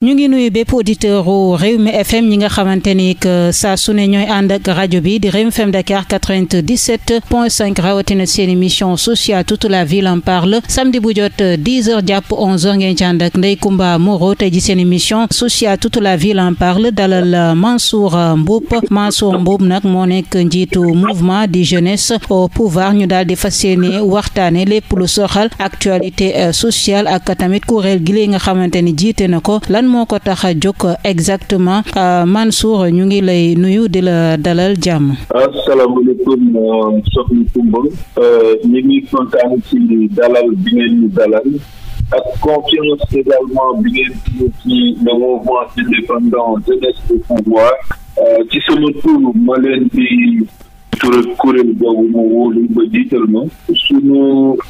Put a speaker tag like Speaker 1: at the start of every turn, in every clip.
Speaker 1: ñu ngi nuyu bépp auditeur u Rewmi FM ñi nga xamante ni que saa su ne ñooy ànd ak rajo bi di Rewmi FM Dakar 97 point 5 rawatina seen émission sociale toute la ville en parle samedi bu jot 10 heures jàpp 11 heures ngeen ci ànd ak Ndeye Comba Moreau ji seen émission sociale toute la ville en parle dalal Mansour Mboup Mansour Mboup nag moo nekk njiitu mouvement di jeunesse au pouvoir ñu daal di fas yéene waxtaane lépp lu soxal actualité euh, sociale ak tamit kuréel gi li nga xamante ni jiite na ko moo ko tax a jóg exactement euh, Mansour ñu ngi lay nuyu di la dalal jàmm.
Speaker 2: asalaamaaleykum euh, soxna Koumba euh, ñu ngi kontaan ci dalal bi ngeen ñu dalal ak confiance également bi ngeen ci le mouvement indépendant jeunesse au pouvoir ci sama tur ma leen di. tur ak boobu mu wóolu ba jiital ma suñu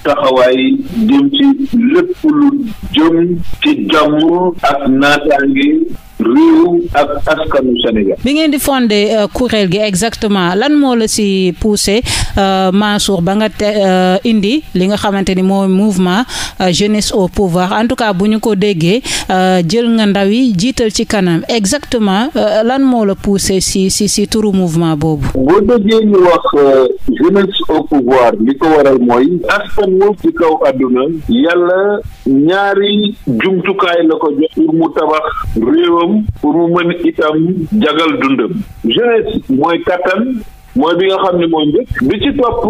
Speaker 2: taxawaay jëm ci lépp lu jëm ci jàmm ak naataange réew ak askanu Sénégal.
Speaker 1: bi ngeen di fondé euh, kuréel gi exactement lan moo la si poussé euh, Mansour ba nga te euh, indi li nga xamante ni mooy mouvement jeunesse au pouvoir en tout cas bu ñu ko déggee jël nga ndaw yi jiital ci kanam exactement lan moo la poussé si si si turu mouvement boobu.
Speaker 2: boo déggee ñu wax jeunesse au pouvoir li ko waral mooy askan wu ci kaw àdduna yàlla ñaari jumtukaay la ko jox pour mu tabax réewam. réewam pour mu mën itam jagal dundam jeunesse mooy kattan mooy bi nga xam ne mooy njëkk bi ci topp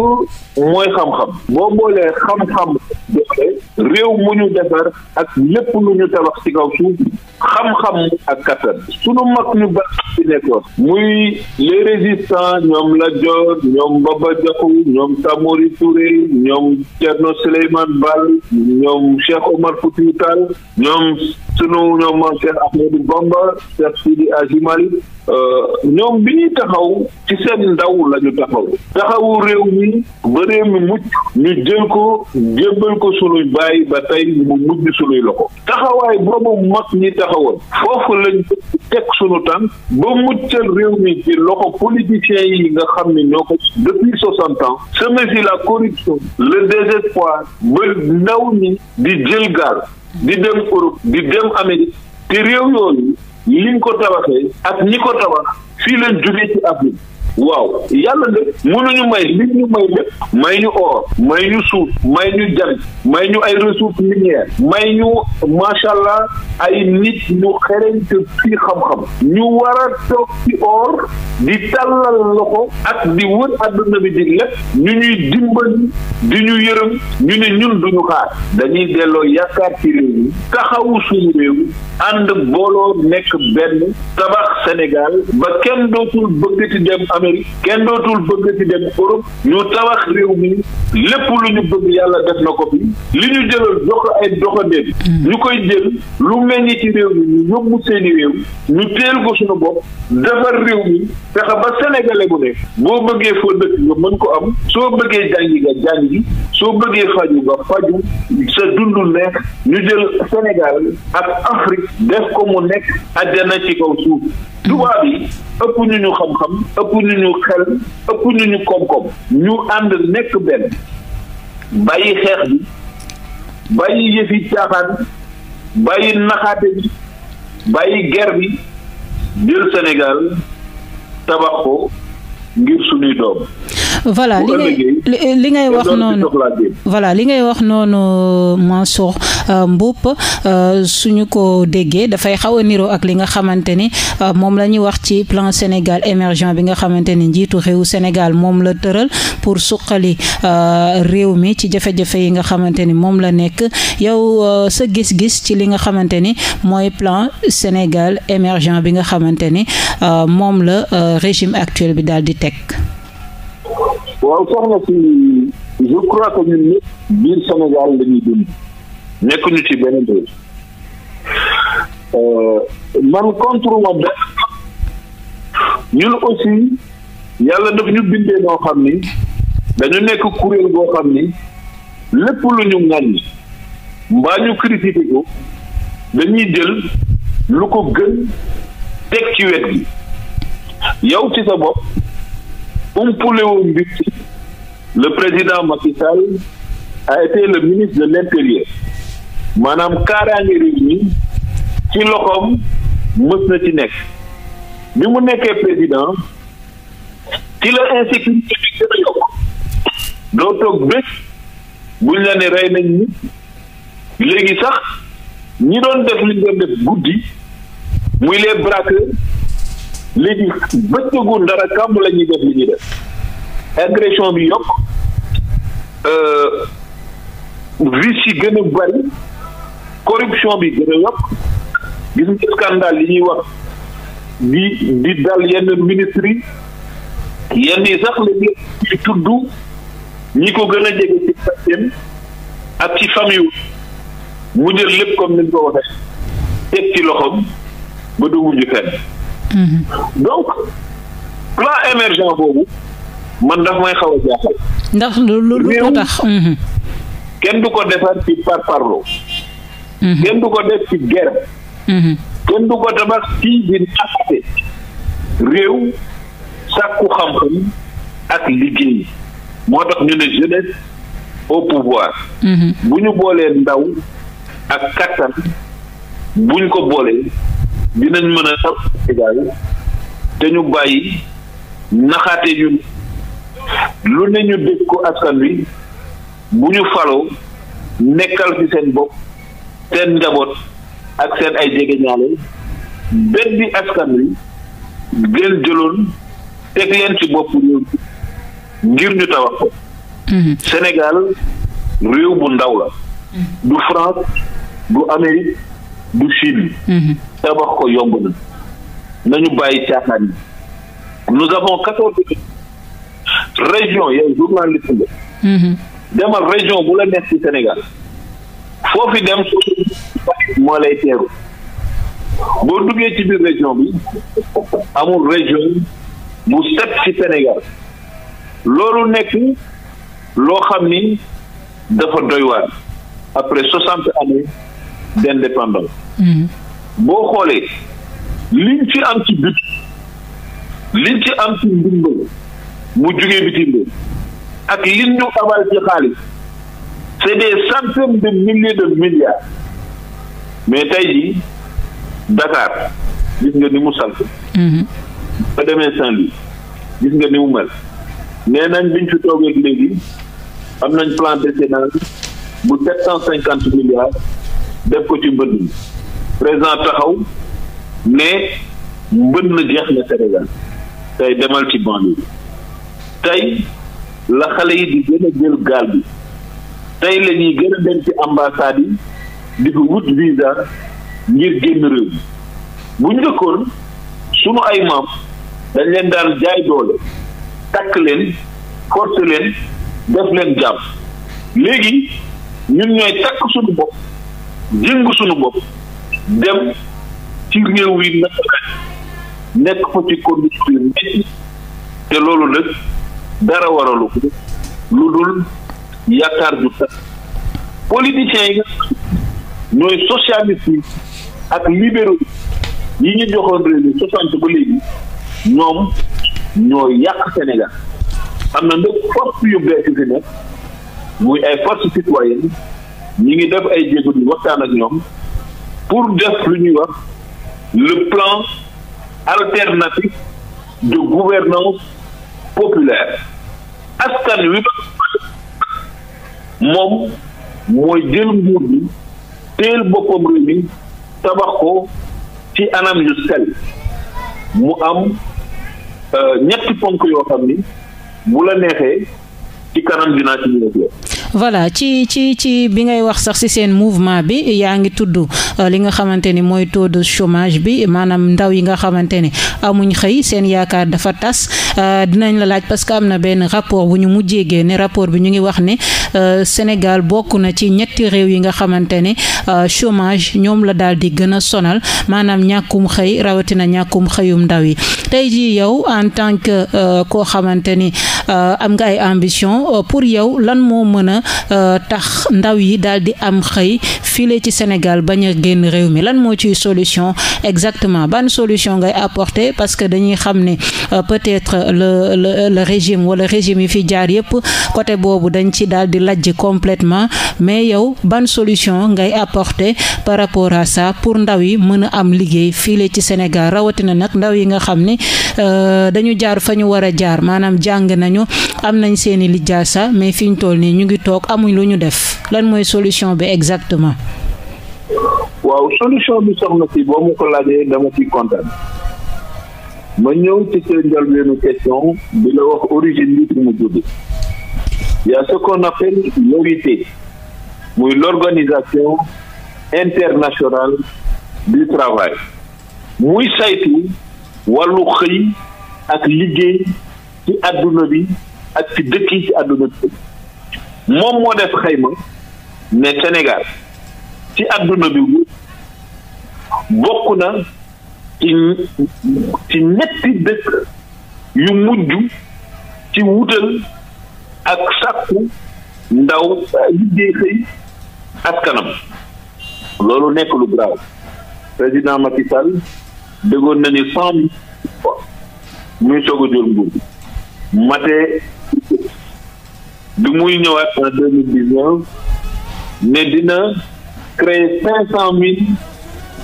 Speaker 2: mooy xam-xam boo boolee xam-xam doole réew mu ñu defar ak lépp lu ñu tabax ci kaw suuf xam-xam ak kattan sunu mag ñu baax ci nekkoon muy les résistants ñoom Lat Joor ñoom Baba Diakhou ñoom Samori Touré ñoom Thierno Souleymane Baal ñoom Cheikh Omar Foutiyou Tall ñoom sunu ñoom Cheikh Ahmadou Bamba Cheikh Sidi Hadji Malick euh, ñoom bi ñuy taxaw ci seen ndaw lañu taxaw taxawu réew mi ba mu mi mucc ñu jël ko jébbal ko sunuy bàyyi ba tey mu mujj sunuy loxo taxawaay boobu mag ñi taxawoon foofu lañ teg sunu tànk ba muccal réew mi ci loxo politiciens yi nga xam ne ñoo ko depuis soixante ans semer la corruption le désespoir ba ndaw mi di jël gaal di dem Europe di dem Amérique te réew yooyu liñ ko tabaxee ak ñi ko tabax fii leen jógee ci Afrique waaw yàlla nag mënuñu may li ñu may lépp may ñu or may ñu suuf may ñu jant may ñu ay ressources minières may ñu macha allah ay nit ñu xereñ te fii xam-xam ñu war a toog ci or di tàllal loxo ak di wër àdduna bi di lépp ñu ñuy dimbali di ñu yërëm ñu ne ñun duñu xaar dañuy delloo yaakaar ci réew mi taxawu suñu ànd booloo nekk benn tabax Sénégal ba kenn dootul bëggati dem amee gendarmerie kenn dootul bëgg ci dem Europe ñu tabax réew mi lépp lu ñu bëgg yàlla def na ko fi li ñu jëlal jox ay doxandéem mm. ñu koy jël lu meññ ci réew mi ñu yóbbu seeni réew ñu teel ko suñu bopp defar réew mi fexe ba sénégalais bu ne boo bëggee foo dëkk nga mën ko am soo bëggee jàngi nga jàngi soo bëggee faju nga faju sa dund neex ñu jël Sénégal ak Afrique def ko mu nekk àjjana ci kaw suuf mm. tubaab yi ëpp ñu ñu xam-xam ëpp ñu ñu xel ëpp ñu ñu koom-koom ñu ànd nekk benn bàyyi xeex bi bàyyi yëfi caaxaan bàyyi naxaate bi bàyyi gerbi bi jël Sénégal tabax ko ngir suñuy doom
Speaker 1: voilà li ngay wax noonu voilà li ngay wax noonu Mansour euh, Mboup euh, suñu ko déggee dafay xaw a niroo ak li nga xamante ni euh, moom la ñuy wax ci plan Sénégal émergent bi nga xamante ni njiitu réewu Sénégal moom la tëral pour suqali réew mi ci jafe yi nga xamante ni moom la nekk yow sa gis-gis ci li nga xamante ni mooy plan Sénégal émergent bi nga xamante ni moom la régime actuel bi daal di teg
Speaker 2: waaw soxna si je crois que ñun ñëpp biir Sénégal dund nekkuñu ci benn réew euh, man contre ma def ñun aussi yàlla daf ñu bindee noo xam ni dañu nekk kuréel boo xam ni lépp lu ñu ŋàññi mbaa ñu ko dañuy jël lu ko gën teg ci wet gi yow ci sa bopp umpule wu mbir le président Macky Sall a été le ministre de l'intérieur maanaam kaaraange réew mi ci loxoom mës na ci nekk bi mu nekkee président ci la insécurité bi gën a yokk doo toog bés buñ la ne rey nañ nit léegi sax ñi doon def li ñu doon def guddi léegi bëccëgu dara kàmb la ñuy def li def agression bi yokk euh, vice yi gën a bari corruption bi gën a yokk gis nga scandale yi ñuy wax di di dal yenn ministres yenn yi sax léegi ñuy tudd ñi ko gën a jege ci ak ci famille mu jël lépp comme ni ko waxee teg ci loxoom ba du mujj fenn
Speaker 1: Mm-hmm.
Speaker 2: donc plan émergent boobu man daf may xaw a
Speaker 1: ndax lu lu lu tax. Mm-hmm.
Speaker 2: kenn du ko defar ci par parlo. Mm-hmm. kenn du ko def ci guerre.
Speaker 3: kenn
Speaker 2: du ko tabax ci di naxte réew sàkku xam-xam ak liggéey moo tax ñu ne jeunesse au pouvoir. bu ñu boolee ndaw ak kattan bu ñu ko boole dinañ mën a taw te ñu bàyyi naxaate ñu lu ne ñu dégg ko askan wi bu ñu falo nekkal ci seen bopp seen njaboot ak seen ay jegeñaale beddi askan wi gën jëloon teg leen ci bopp réew ngir ñu tabax ko mhm. Sénégal réew bu ndaw la mhm. du France du Amérique du Chine. Mhm. tabax ko yomb na nañu bàyyi caaxaan yi nous avons quatorze régions yow journaliste nga mhm. demal région bu la nekk ci Sénégal foofu dem moo lay teeru boo duggee ci biir région bi amul région bu set ci Sénégal loolu nekk loo xam ni dafa doy waar après soixante d'indépendance. boo xoolee liñ ci am ci but liñ ci am ci ndimbal mu jugee bitim réew ak liñ ñu abal ci xaalis c'est des centaines de milliers de milliards mais tey jii Dakar gis nga ni mu sant. ba demee Saint-Louis gis nga ni mu mel nee nañ biñ fi toogee léegi am nañ plan décennal bu sept cent cinquante def ko ci mbënd mi président taxaw ne mbënd jeex la Sénégal tey demal ci banlieue tey la xale yi di gën jël gaal bi tey la ñuy gën a ci ambassade yi di ko wut visa ngir génn réew mi bu njëkkoon sunu ay maam dañ leen daal jaay doole takk leen forcer leen def leen jàpp léegi ñun ñooy takk suñu bopp jëng suñu bopp dem ci réew yi nekk fa ci condition yu te loolu nag dara waralu lu dul yaakaar ju tax politiciens yi ñooy socialistes yi ak libéraux yi ñu joxoon réew mi soixante ba léegi ñoom ñoo yàq Sénégal am na nag force yu bees yu fi nekk muy ay force citoyenne ñu ngi def ay jéego yu waxtaan ak ñoom pour def lu ñuy wax le plan alternatif de gouvernance populaire askan wi moom mooy jël nguur bi teel boppam réew mi tabax ko ci anam yu sel mu am euh, ñetti ponk yoo xam ni mu la neexee ci kanam dinaa ci ñëw
Speaker 1: voilà ci ci ci bi ngay wax sax ci seen mouvement bi yaa ngi tudd euh, li nga xamante ni mooy taux de chomage bi maanaam ndaw yi nga xamante ni amuñ xëy seen yaakaar dafa tas euh, dinañ la laaj parce que am na benn rapport bu ñu mu jegee génne rapport bi ñu ngi wax ni Euh, Sénégal bokk na ci ñetti réew yi nga xamante ne euh, chômage ñoom la daal di gën a sonal maanaam ñàkkum xëy rawatina ñàkkum xëyum ndaw yi tey jii yow en tant que euh, koo xamante ni am nga ay ambition pour yow lan moo mën a tax ndaw yi daal di am xëy file ci Sénégal bañ génn réew mi lan moo ciy solution exactement ban solution ngay apporter parce que dañuy xam ne peut-être le le le régime wala régime yi fi jaar yëpp côté boobu dañ ci daal di lajj complètement mais yow ban solution ngay apporter par rapport à ça pour ndaw yi mën a am liggéey fii ci Sénégal rawatina nag ndaw yi nga xam ne euh, dañu jaar fa ñu war a jaar maanaam jàng nañu am nañ seeni lijaasa mais fi ñu toll nii ñu ngi toog amuñ lu ñu def lan mooy solution bi exactement.
Speaker 2: waaw solution bi soxna si boo mu ko laajee dama ciy kontaan ma ñëw ci sa njëlbeenu question bi la wax origine bi mu jóge il y a ce qu'on muy l'organisation internationale du travail muy saytu wallu xëy ak liggéey ci àdduna bi ak ci dëkk ci àdduna bi moom moo def xayma ne Sénégal ci àdduna bi bokk na ci ci ñetti dëkk yu mujj ci wutal ak sàkku ndaw liggéey xëy askanam loolu nekk lu graaw président Macky Sall na ni cent mille muy soog a jël nguur bi muy ñëwaat en deux mille dix ne dina créer cinq cent mille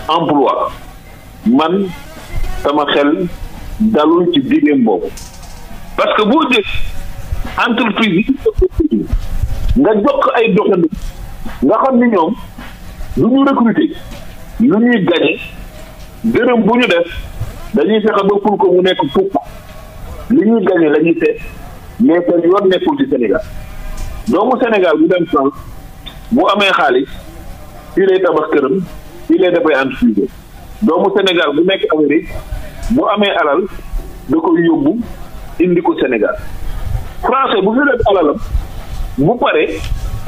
Speaker 2: emplois man sama xel dalul ci diggéem boobu parce que boo dégg entreprise yi nga jox ay doxandu nga xam ni ñoom lu ñu recruter lu ñuy gañe dërëm bu ñu def dañuy fexe ba pour ko mu nekk fukk li ñuy gañe lañuy ñuy seet mais seen yoon nekkul ci Sénégal doomu Sénégal bu dem France bu amee xaalis fii lay tabax këram fii lay dafay entreprise doomu Sénégal bu nekk Amérique bu amee alal da koy yóbbu indi ko Sénégal français bu fi def bu pare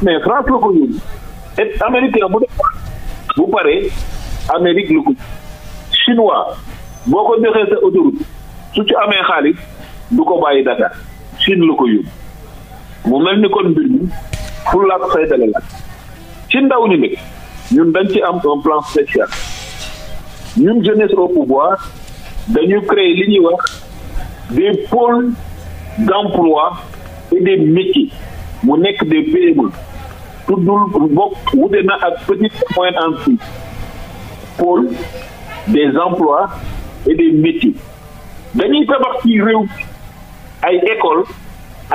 Speaker 2: mais France la ko yóbbu et américain bu def bu pare Amérique la ko chinois boo ko joxee sa autoroute su ci amee xaalis du ko bàyyi Dakar Chine la ko yóbbu mu mel ni kon mbir mi fu laak fay dale la ci ndaw ñi nag ñun dañ ci am un plan spécial ñun jeunesse au pouvoir dañu créer li ñuy wax des pôles d'emploi et des métiers mu nekk des PME tuddul bokk wute na ak petite moyenne entreprise pôle des emplois et des métiers dañuy tabax ci réew ay école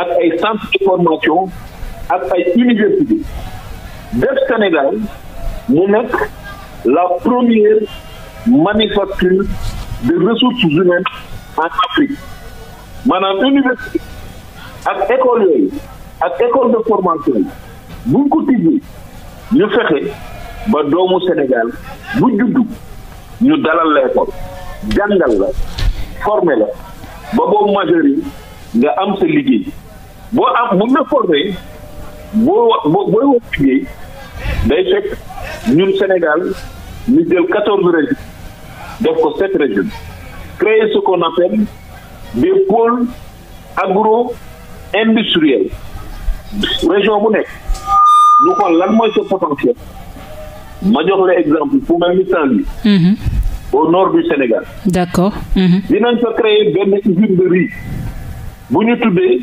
Speaker 2: ak ay centre de ak ay université def Sénégal mu nekk la première manufacture de ressources humaines en Afrique maanaam université ak école yooyu ak école de formation yi buñ ko tijjee ñu fexe ba doomu Sénégal bu juddu ñu dalal la école jàngal la former la ba boobu majeur nga am sa liggéey boo am buñ la formé boo wa booy wax liggéey day fekk ñun Sénégal ñu jël quatorze régions def ko sept régions créer ce appelle des pôles agro industriels région mu nekk ñu xool lan mooy sa potentiel ma jox la exemple fu mel ni Saint-Louis mhm. au nord du Sénégal
Speaker 1: d'accord mhm.
Speaker 2: dinañ fa créer benn usine bu ñu tuddee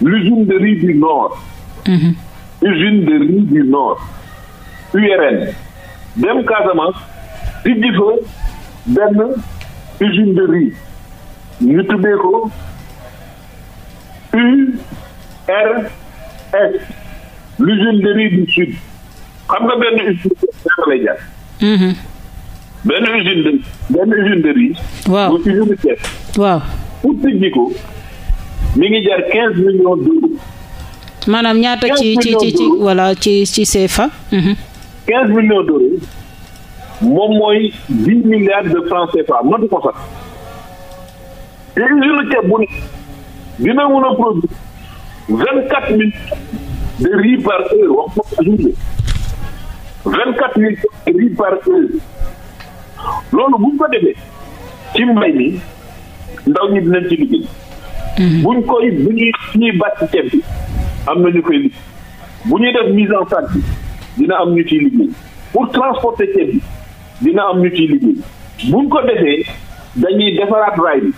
Speaker 2: l'usine de riz du nord mhm. usine du nord URN dem Casamance tijji benn usine ñu tuddee ko URS l'usine de riz du sud xam nga benn usine ñaata lay jar mhm. benn usine de benn usine de riz waaw bu usine Thiès ngi jar quinze
Speaker 1: ñaata ci ci ci ci ci ci CFA mhm.
Speaker 2: quinze millions d'euros moom dix milliards de francs CFA matu ko sax te usine ceeb bu ne dina mën a produire vingt quatre mille de riz par heure wax ma journée vingt quatre mille de riz par heure loolu buñ ko defee ci mbay mi ndaw ñi dinañ ci liggéey. Mhm. buñ koy bu ñuy ñuy bàcc bi am na ñu koy liggéey bu ñuy def mise en place bi dina am ñu ciy liggéey pour transporter ceeb bi dina am ñu ciy buñ ko defee dañuy defaraat raay bi.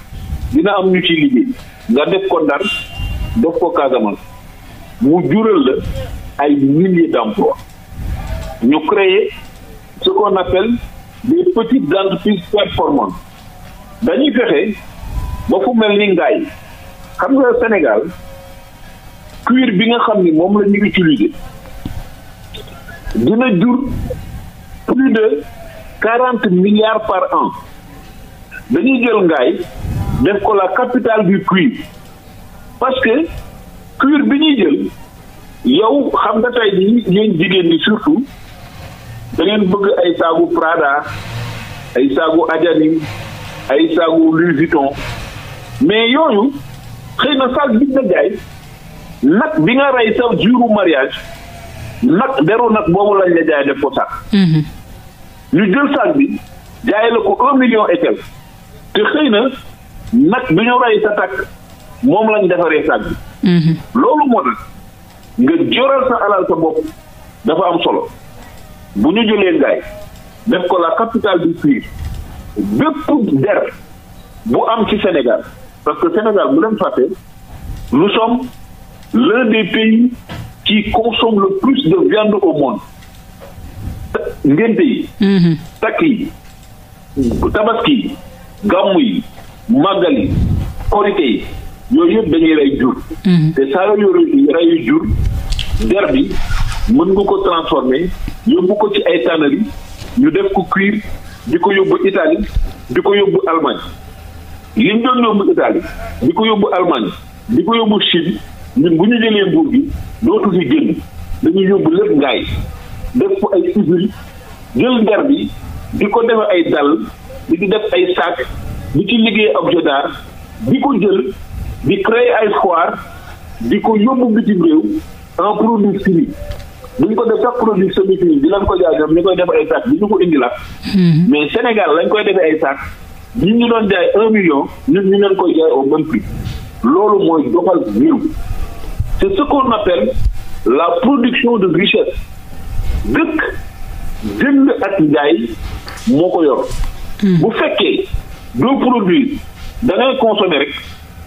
Speaker 2: dina am ñu ciy liggéey nga def ko Ndar def ko Casamance mu jural la ay milliers d'emplois ñu créer ce qu'on appelle des petites entreprises performantes dañuy fexe ba fu mel ni ngaay xam nga Sénégal cuir bi nga xam ni moom la ñu utiliser dina jur plus de quarante milliards par an dañuy jël ngaay def ko la capital du cuir parce que cuir bi ñuy jël yow xam nga tey jii yéen jigéen ñi surtout da ngeen bëgg ay saagu Prada ay saagu Adani ay saagu Louis Vuitton mais yooyu xëy na saag bi nga jaay nag bi nga rey sa juru mariage nag deru nag boobu lañ la jaay def ko saag. Mhm. ñu jël saag bi jaay la ko un million et quelque te xëy na nag bi ñu rey sa takk moom lañ defaree sag bi mhm. loolu moo tax nga joral sa alal sa bopp dafa am solo bu ñu jëlee ngaay def ko la capitale du cuir bépp der bu am ci Sénégal parce que Sénégal bu leen fàtte nous sommes l'un des pays qui consomme le plus de viande au monde ngénte yi mhm. takk yi tabaski gàmmu yi màggal yi korite yëpp dañuy rey jur mhm. te saa yooyu reyu jur der mën nga ko transformer yóbbu ko ci ay tannerie ñu def ko kuir di ko yóbbu Italie di ko yóbbu Allemagne li ñu doon yóbbu Italie di ko yóbbu Allemagne di ko yóbbu Chine ñun bu ñu jëlee nguur gi dootu fi dañuy yóbbu lépp ngaay def ko ay jël der di ko defee ay dal di ci def ay sac di ci liggéey ak jodaar di ko jël bi créer ay foire di ko yóbbu bitim réew en produit fini bu ñu ko def sax produit semi fini di lañ ko jaay ñoom ñu koy def ay sac di ñu ko indi la hmm. mais Sénégal lañ koy defee ay sac ñun ñu doon jaay un million ñun ñu leen koy jaay au même prix loolu mooy doxal réew c'est ce qu'on appelle la production de richesse dëkk jënd ak njaay moo ko yor Mm. bu fekkee doo produire da ngay rek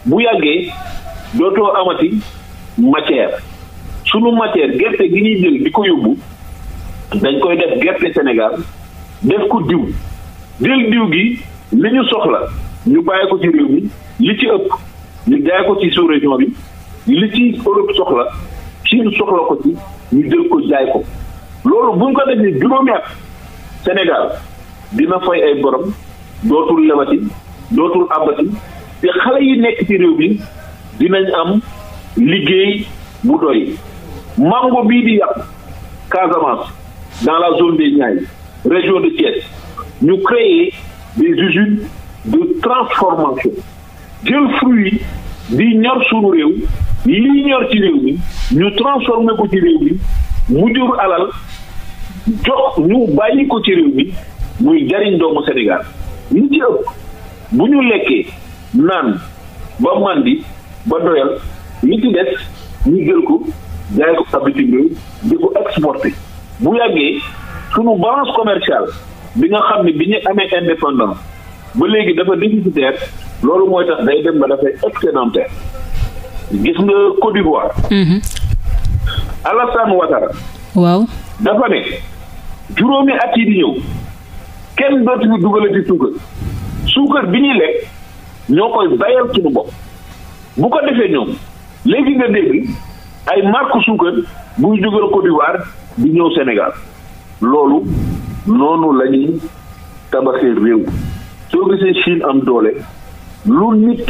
Speaker 2: bu yàggee dootoo amati matière sunu matière gerte gi ñuy jël di ko yóbbu dañ koy def gerte Sénégal def ko diw jël diw gi li ñu soxla ñu bàyyi ko ci réew mi li ci ëpp ñu jaay ko ci sous-région bi li ci Europe soxla Chine soxla ko ci ñu jël ko jaay ko loolu bu ñu ko defee juróomi at Sénégal dina fay ay borom dootul lebati dootul abati te xale yi nekk ci réew bi dinañ am liggéey bu doy mango bii di yàq Casamance dans la zone des ñaay région de Thiès ñu créer des usines de transformation jël fruit di ñor suñu réew lii ñor ci réew mi ñu transformer ko ci réew mi mu jur alal jox ñu bàyyi ko ci réew mi muy jariñ doomu Sénégal li ci ëpp bu ñu lekkee naan ba màndi ba doyal li ci des ñu jël ko jaay ko sa bitim réew ko exporté bu yàggee sunu balance commerciale bi nga xam ne bi ñu amee indépendance ba léegi dafa déficitaire loolu mooy tax day dem ba dafay excédentaire gis nga Côte d'Ivoire. Mhm. Alassane Ouattara. waaw dafa ne juróomi at yi di ñëw. kenn dootuñu dugalati suukar suukar bi ñuy lekk ñoo koy bayal suñu bopp bu ko defee ñoom léegi nga dégg ay marque suukar buy jógal Côte d'Ivoire di ñëw Sénégal loolu noonu la ñuy tabaxee réew soo gisee Chine am doole lu nit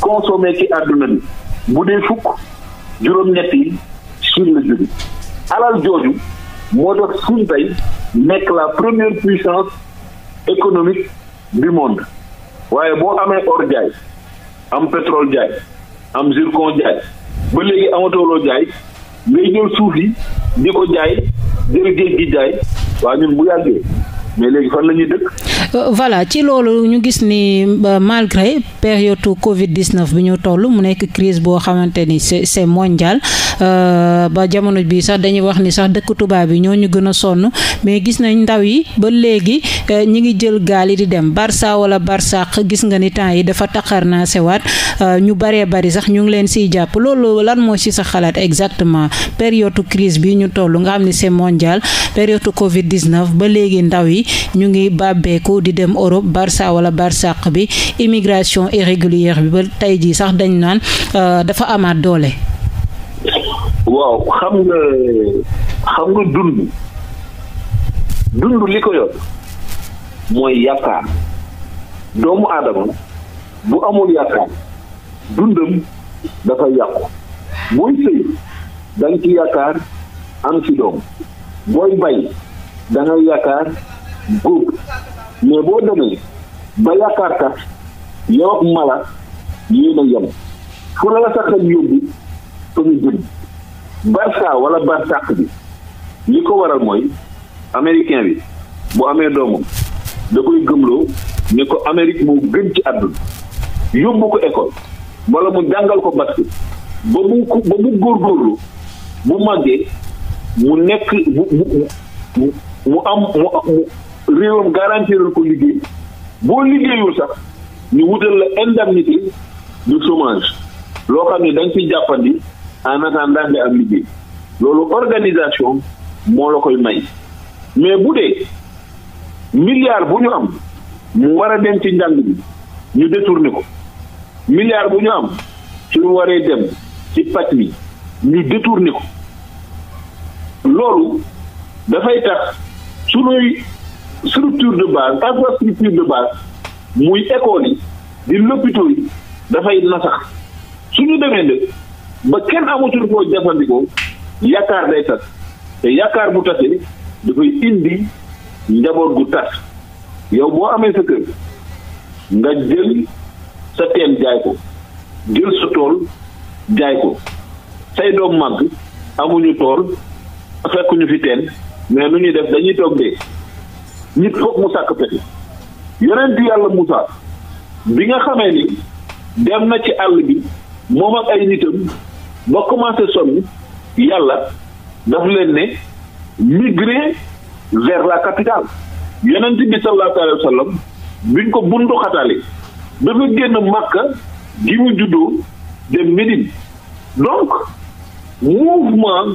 Speaker 2: consommé ci àdduna bi bu dee fukk juróom-ñett yi Chine la jóge alal jooju moo tax Chine tey nekk la première puissance économique du monde waaye boo amee or jaay am pétrole jaay am zircon jaay ba léegi amatooloo jaay ngay jël suuf yi di ko jaay jël géej gi jaay waa ñun bu yàggee mais léegi fan la ñuy dëkk
Speaker 1: voilà ci loolu ñu gis ni malgré période Covid 19 bi ñu toll mu nekk crise boo xamante ni c'est c'est mondial euh, ba jamono bii sax dañuy wax ni sax dëkk tubaab yi ñoo ñu gën a sonn mais gis nañ ndaw yi ba léegi euh, ñi ngi jël gaal yi di dem Barça wala Barsaq gis nga ni temps yi dafa taqar naa sewaat euh, ñu baree bari sax ñu ngi leen siy jàpp lan moo ci sa xalaat exactement période crise bi ñu toll nga xam ni se mondial période Covid 19 ba léegi ndaw yi ñu ngi bàbbeeku réew di dem Europe Barça wala Barsaq bi immigration irrégulière bi ba tey jii sax dañ naan euh, dafa amaat doole.
Speaker 2: waaw xam nga xam nga dund dund li ko yor mooy yaakaar doomu aadama bu amul yaakaar dundam dafa yàqu booy sëy da ci yaakaar am ci doom booy bay da yaakaar góob mais boo demee ba yaakaar tax yow mala yéen a yem fu la la sa xel yóbbu fa nga jëm wala barsàq bi li ko waral mooy américain bi bu amee doomam da koy gëmloo ne ko Amérique moo gën ci àdduna yóbbu ko école wala mu jàngal ko basket ba mu ba mu góorgóorlu bu màggee mu nekk mu mu am mu réewam garantiral ko liggéey boo liggéeyul sax ñu wutal la indemnité du chômage loo xam ne da nga ciy jàppandi en attendant nga am liggéey loolu organisation moo la koy may mais bu dee milliard bu ñu am mu war a dem ci njàng bi ñu détourné ko milliard bu ñu am su ñu waree dem ci pàcc mi ñu détourné ko loolu dafay tax sunuy structure de base infrastructure de base muy école yi di lopito yi dafay nasax suñu demee nag ba kenn amatul koo jëfandikoo yaakaar day tas te yaakaar bu tasee dafay indi njaboot gu tas yow boo amee sa kër nga jël sa teen jaay ko jël sa tool jaay ko say doom màgg amuñu tool fekkuñu fi teen mais lu ñuy def dañuy toog nit foog mu sàkk pexe yonent yàlla Moussa bi nga xamee ni dem na ci àll bi moom ak ay nitam ba commencé sonn yàlla daf leen ne migrer vers la capitale yonent bi sallallahu alayhi wa sallam biñ ko bundu xataale dafa génn Makka gi mu juddoo dem Médine donc mouvement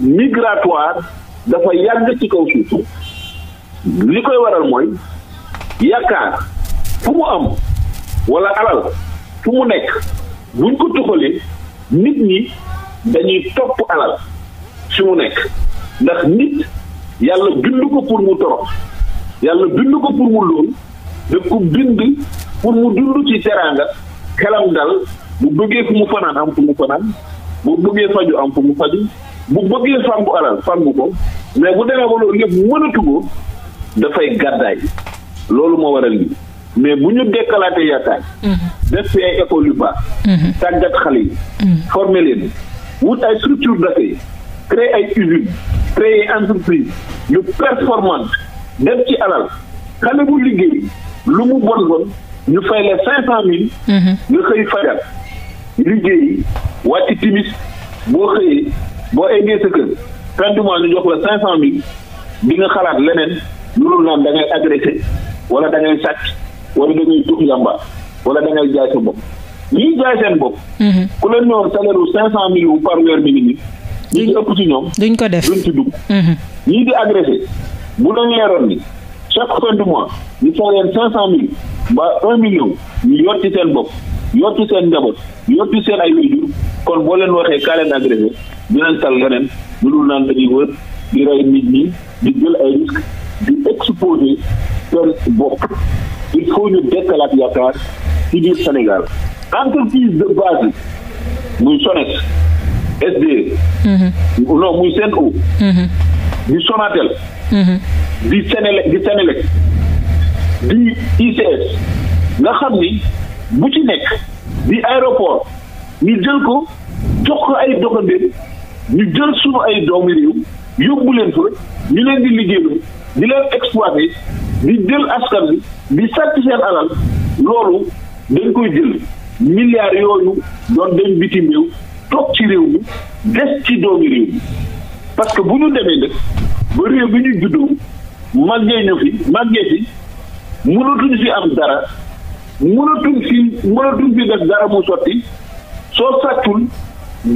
Speaker 2: migratoire dafa yàgg ci kaw suuf li koy waral mooy yaakaar fu mu am wala alal fu mu nekk buñ ko tuxalee nit ñi dañuy topp alal si mu nekk ndax nit yàlla bind ko pour mu torox yàlla bind ko pour mu lool daf ko bind pour mu dund ci teraanga xelam dal bu bëggee fu mu fanaan am fu mu fanaan bu bëggee faju am fu mu faju bu bëggee fàmbu alal fàmbu ko mais bu demee ba yëpp lépp mënatu ko dafay gàddaay loolu moo waral lii mais bu ñu dekkalaatee yaakaar. Mhm. def fi ay école yu baax. Mhm. tàggat xale yi. Mhm. former leen wut ay structure d'accueil créer ay usines créer entreprise yu performante def ci alal xale bu liggéey lu mu bon bon ñu fay la cinq cent mil nga xëy fajar liggéey wàcc timis boo xëyee boo eggee sa kër pratiquement ñu jox la cinq cent mille di nga xalaat leneen. mënul naan da ngay agressé wala da ngay sàcc wala da ngay tux yàmba wala da ngay jaay sa bopp ñuy jaay seen bopp. Mhm. ku leen ñëwoon salaire cinq cent mille par weer mi ngi nii. ñu ëpp ci ñoom. duñ ko def mhm. ñii di agressé bu leen leeroon ni chaque fin du mois ñu fay leen cinq cent mille ba un million ñu yor ci seen bopp yor ci seen njaboot yor ci seen ay wéjur kon boo leen waxee kaa leen agressé dinañ tal leneen lu dul naan dañuy wër di rey nit ñi di di exposer seen bopp il faut ñu dekkalaat yaakaar ci biir Sénégal entreprise de base muy SONES SDE
Speaker 3: mm-hmm.
Speaker 2: non muy SEN'EAU mm-hmm. di Sonatel mm-hmm. di Sénélec di Sénélec di ICS nga xam ni bu ci nekk di aéroport ñu jël ko jox ay doxandéem ñu jël suñu ay doomi réew yóbbu leen fa ñu leen di liggéeylu di leen exploiter di jël askan bi di sàcc seen alal loolu dañ koy jël milliards yooyu doon dem bitim réew toog ci réew mi des ci doomi réew mi parce que bu ñu demee nag ba réew bi ñu juddoo màggee ñëw fi màggee fi mënatuñ fi am dara mënatuñ fi mënatuñ fi def dara mu sotti soo sàccul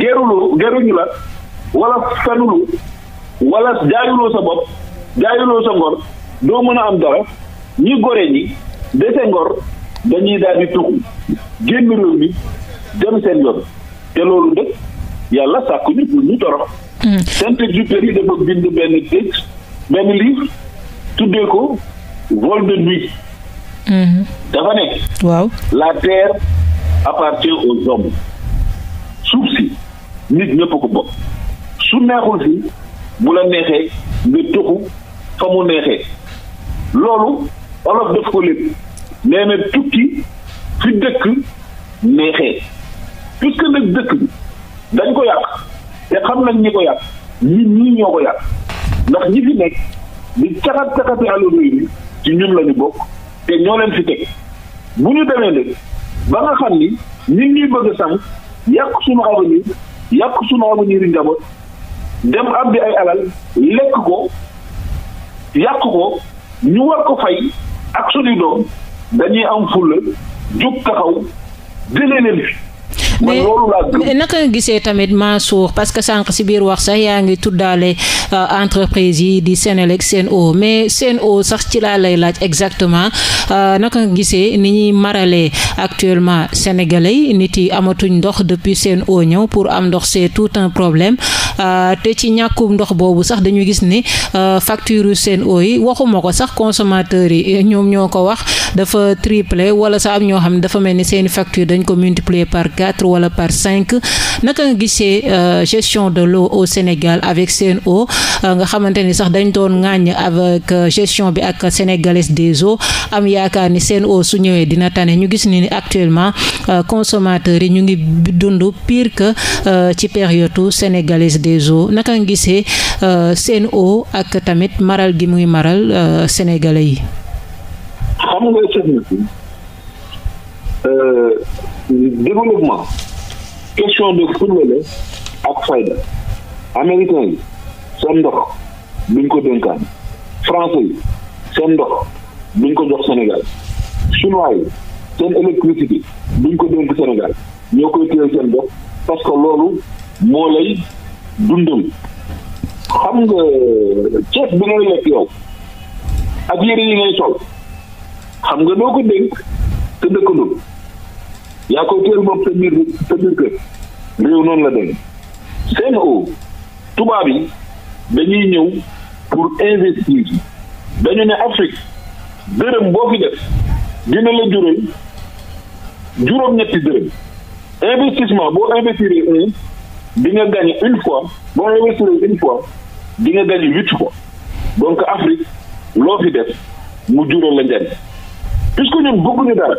Speaker 2: geruloo geruñu la wala fenulu wala jaayuloo sa bopp jaayuloo sa ngor doo mën a am dara ñi gore ñi dese ngor dañuy daal di tuxu génn réew mi dem seen yoon te loolu nag yàlla sàkku ñu pour ñu torox. Hmm. Saint-Exupéry dafa bind benn texte benn livre tuddee ko vol de nuit. Hmm. dafa ne waaw la terre appartient aux hommes suuf si nit ñëpp ko bokk su neexul si bu la neexee nga tuxu fa mu neexee loolu olof def ko lépp nee na tukki fi dëkk neexee puisque nag dëkk bi dañ ko yàq te xam nañ ñi ko yàq ñun ñii ñoo ko yàq ndax ñi fi nekk di caxat caxati àll bi ci ñun lañu bokk te ñoo leen fi teg bu ñu demee de ba nga xam ni nit ñuy bëgg sànq yàq suñu avenir yàq suñu avenir njaboot dem am bi ay alal lekk ko yàq ko ñu war ko fay ak suñu doom dañuy am fulla jóg taxaw jëlee leen fi. mais mais naka
Speaker 1: gisee tamit Mansour parce que sànq si biir wax sax yaa ngi tuddaale euh, entreprise yi di seen Sen'Eau mais seen Sen'Eau sax ci laa lay laaj exactement euh, naka nga gisee ni ñuy marale actuellement sénégalais nit yi amatuñ ndox depuis seen Sen'Eau ñëw pour am ndox c'est tout un problème Euh, te ci ñàkku ndox boobu sax dañu gis ni euh, facture Sen'Eau yi waxuma ko sax consommateur yi eh, ñoom ñoo ko wax dafa triplé wala sax am ñoo xam ne dafa mel ni seeni facture dañ ko multiplier par quatre wala par cinq naka nga gisee euh, gestion de l'eau au Sénégal avec Sen'Eau nga xamante ni sax dañ doon ŋàññ avec gestion bi ak sénégalaise des eaux am yaakaar ni Sen'Eau su ñëwee dina tane ñu gis ni actuellement consommateurs yi ñu ngi dund piir que ci période sénégalaise des eaux naka nga gisee euh, Sen'Eau ak tamit maral gi muy maral euh, sénégalais yi.
Speaker 2: xam nga euh, développement question de fulla ak fayda américain yi seen ndox duñ ko dénkaan français yi seen ndox duñ ko jox Sénégal chinois seen électricité duñ ko dénk Sénégal ñoo koy téye seen bopp parce loolu moo lay dundal xam nga ceeb bi ngay lekk yow ak yëre yi ngay sol xam nga doo ko dénk te dëkkandul yaa koy teel moom sa biir sa biir réew noonu la dem seen o tubaab yi dañuy ñëw pour investir dañu ne Afrique dërëm boo fi def dina la jural juróom-ñetti dërëm investissement boo investir di nga gagné une fois boo investir une fois di nga gagné huit fois donc Afrique loo fi def mu jural la njariñ puisque ñun bëgguñu dara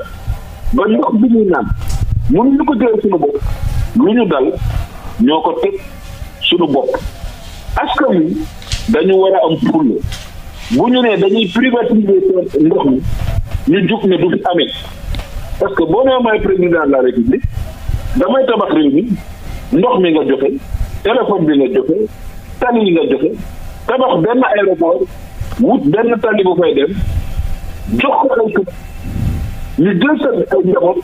Speaker 2: ba ndox bi ñuy naan mënuñu ko jëlee suñu bopp lu ñu dal ñoo ko teg suñu bopp askan wi dañu war a am fulla bu ñu nee dañuy privatiser seen ndox mi ñu jug ne du fi amee parce que boo nee may président de la république damay tabax réew mi ndox mi nga joxe téléphone bi nga joxe tali nga joxe tabax benn aéroport wut benn tali bu fay dem jox ko ay kër ñu jël sa ay njaboot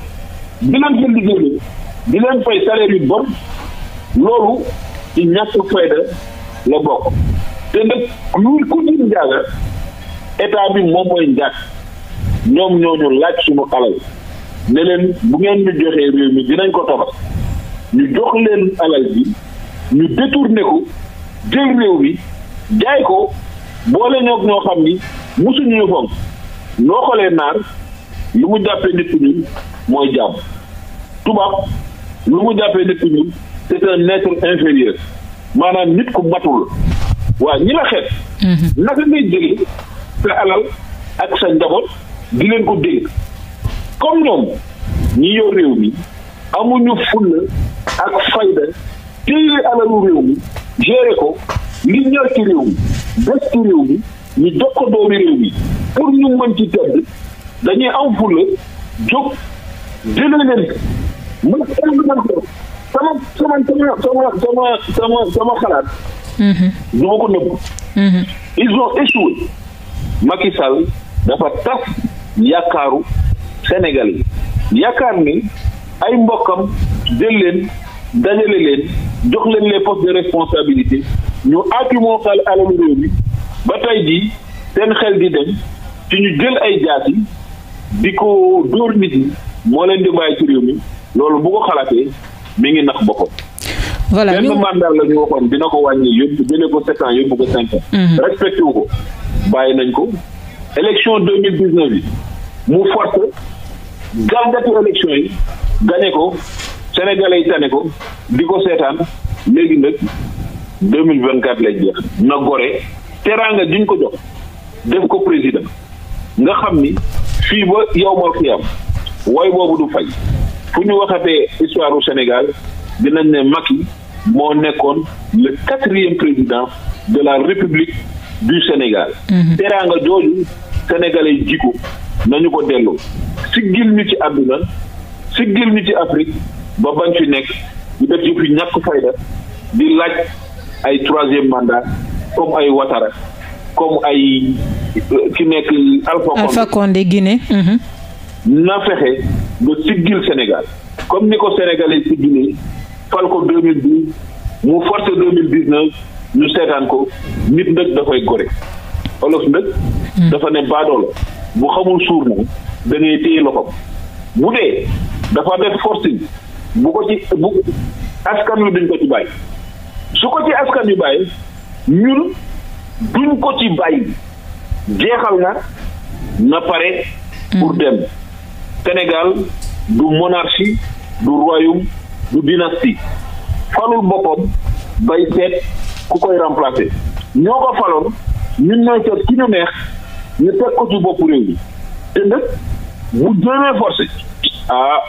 Speaker 2: di leen fay salaire bon loolu ci ñàkk fayda la bokk te nag ñuy ku di njaaga bi moom mooy njaag ñoom ñooñu laaj suñu alal ne bu ngeen ñu joxee réew mi dinañ ko tabax ñu jox leen alal bi ñu détourné ko jël réew mi jaay ko boole ñoog ñoo xam ni musuñu ñu fonk noo xoolee naar lu mu jàppee nit ku mooy jàmm tubaab lu mu jàppee nit ku ñuul c'est un inférieur maanaam nit ku matul waa ñi la xeet mhm. naka ngay jëlee sa alal ak sa njaboot di leen ko dégg comme ñoom ñi yor réew mi amuñu fulla ak fayda téye alalu réew mi gérer ko li ñor ci réew mi des ci réew mi ñu jox ko doomi réew mi pour ñu mën ci tedd dañuy am fulla jóg jëlee leen man man ko sama sama sama sama sama sama xalaat. Mhm. du ma ko nëbb. Mhm. ils ont échoué. Macky Sall dafa tas yaakaaru Sénégal yi yaakaar ni. ay mbokkam jël leen dajale leen jox leen les postes de responsabilité ñu àccumoo xel alalu réew mi ba tey jii seen xel di dem ci ñu jël ay jaas di ko dóor nit yi moo leen di bàyyi ci réew mi loolu bu ko xalaatee mi ngi nax boppam. voilà benn mandat la ñu waxoon dina ko wàññi yóbbu jëlee ko sept ans yóbbu ko cinq ans. Mhm. bàyyi nañ ko. élection deux mille dix neuf yi mu forcé gàlgati élection yi. gagné ko sénégalais yi tane ko di ko seetaan léegi nag deux mille vingt quatre lay jeex na gore teraanga duñ ko jox def ko président nga xam ni fii ba yow mal xiyam way boobu du fay fu ñu waxatee histoire u Sénégal dinañ ne Macky moo nekkoon le quatrième président de la République du Sénégal mhm. teraanga jooju sénégalais jikko nañu ko delloo siggil ñu ci àdduna siggil ñu ci Afrique ba bañ fi nekk ñu def yëpp yu ñàkk fayda di laaj ay troisième mandat comme ay Ouattara comme ay euh, ki nekk Alpha
Speaker 1: Condé Guinée mhm.
Speaker 2: na fexe ba siggil Sénégal comme ni ko sénégalais siggilee fal ko deux mille dix mu forcé deux mille dix neuf ñu seetaan ko nit nag dafay gore olof nag mhm. dafa ne baadoola bu xamul suur na da ngay téye bu dee dafa def forcing bu ko ci bu askan wi duñ ko ci bàyyi su ko ci askan wi bàyyi ñun duñ ko ci bàyyi jeexal na na pare pour hmm. dem Sénégal du monarchie du royaume du dynastie falul boppam bay seet ku koy remplacer ñoo ko faloon ñun ñooy seet ki ñu neex ñu teg ko ci bopp réew mi te bu jëmee forcé ah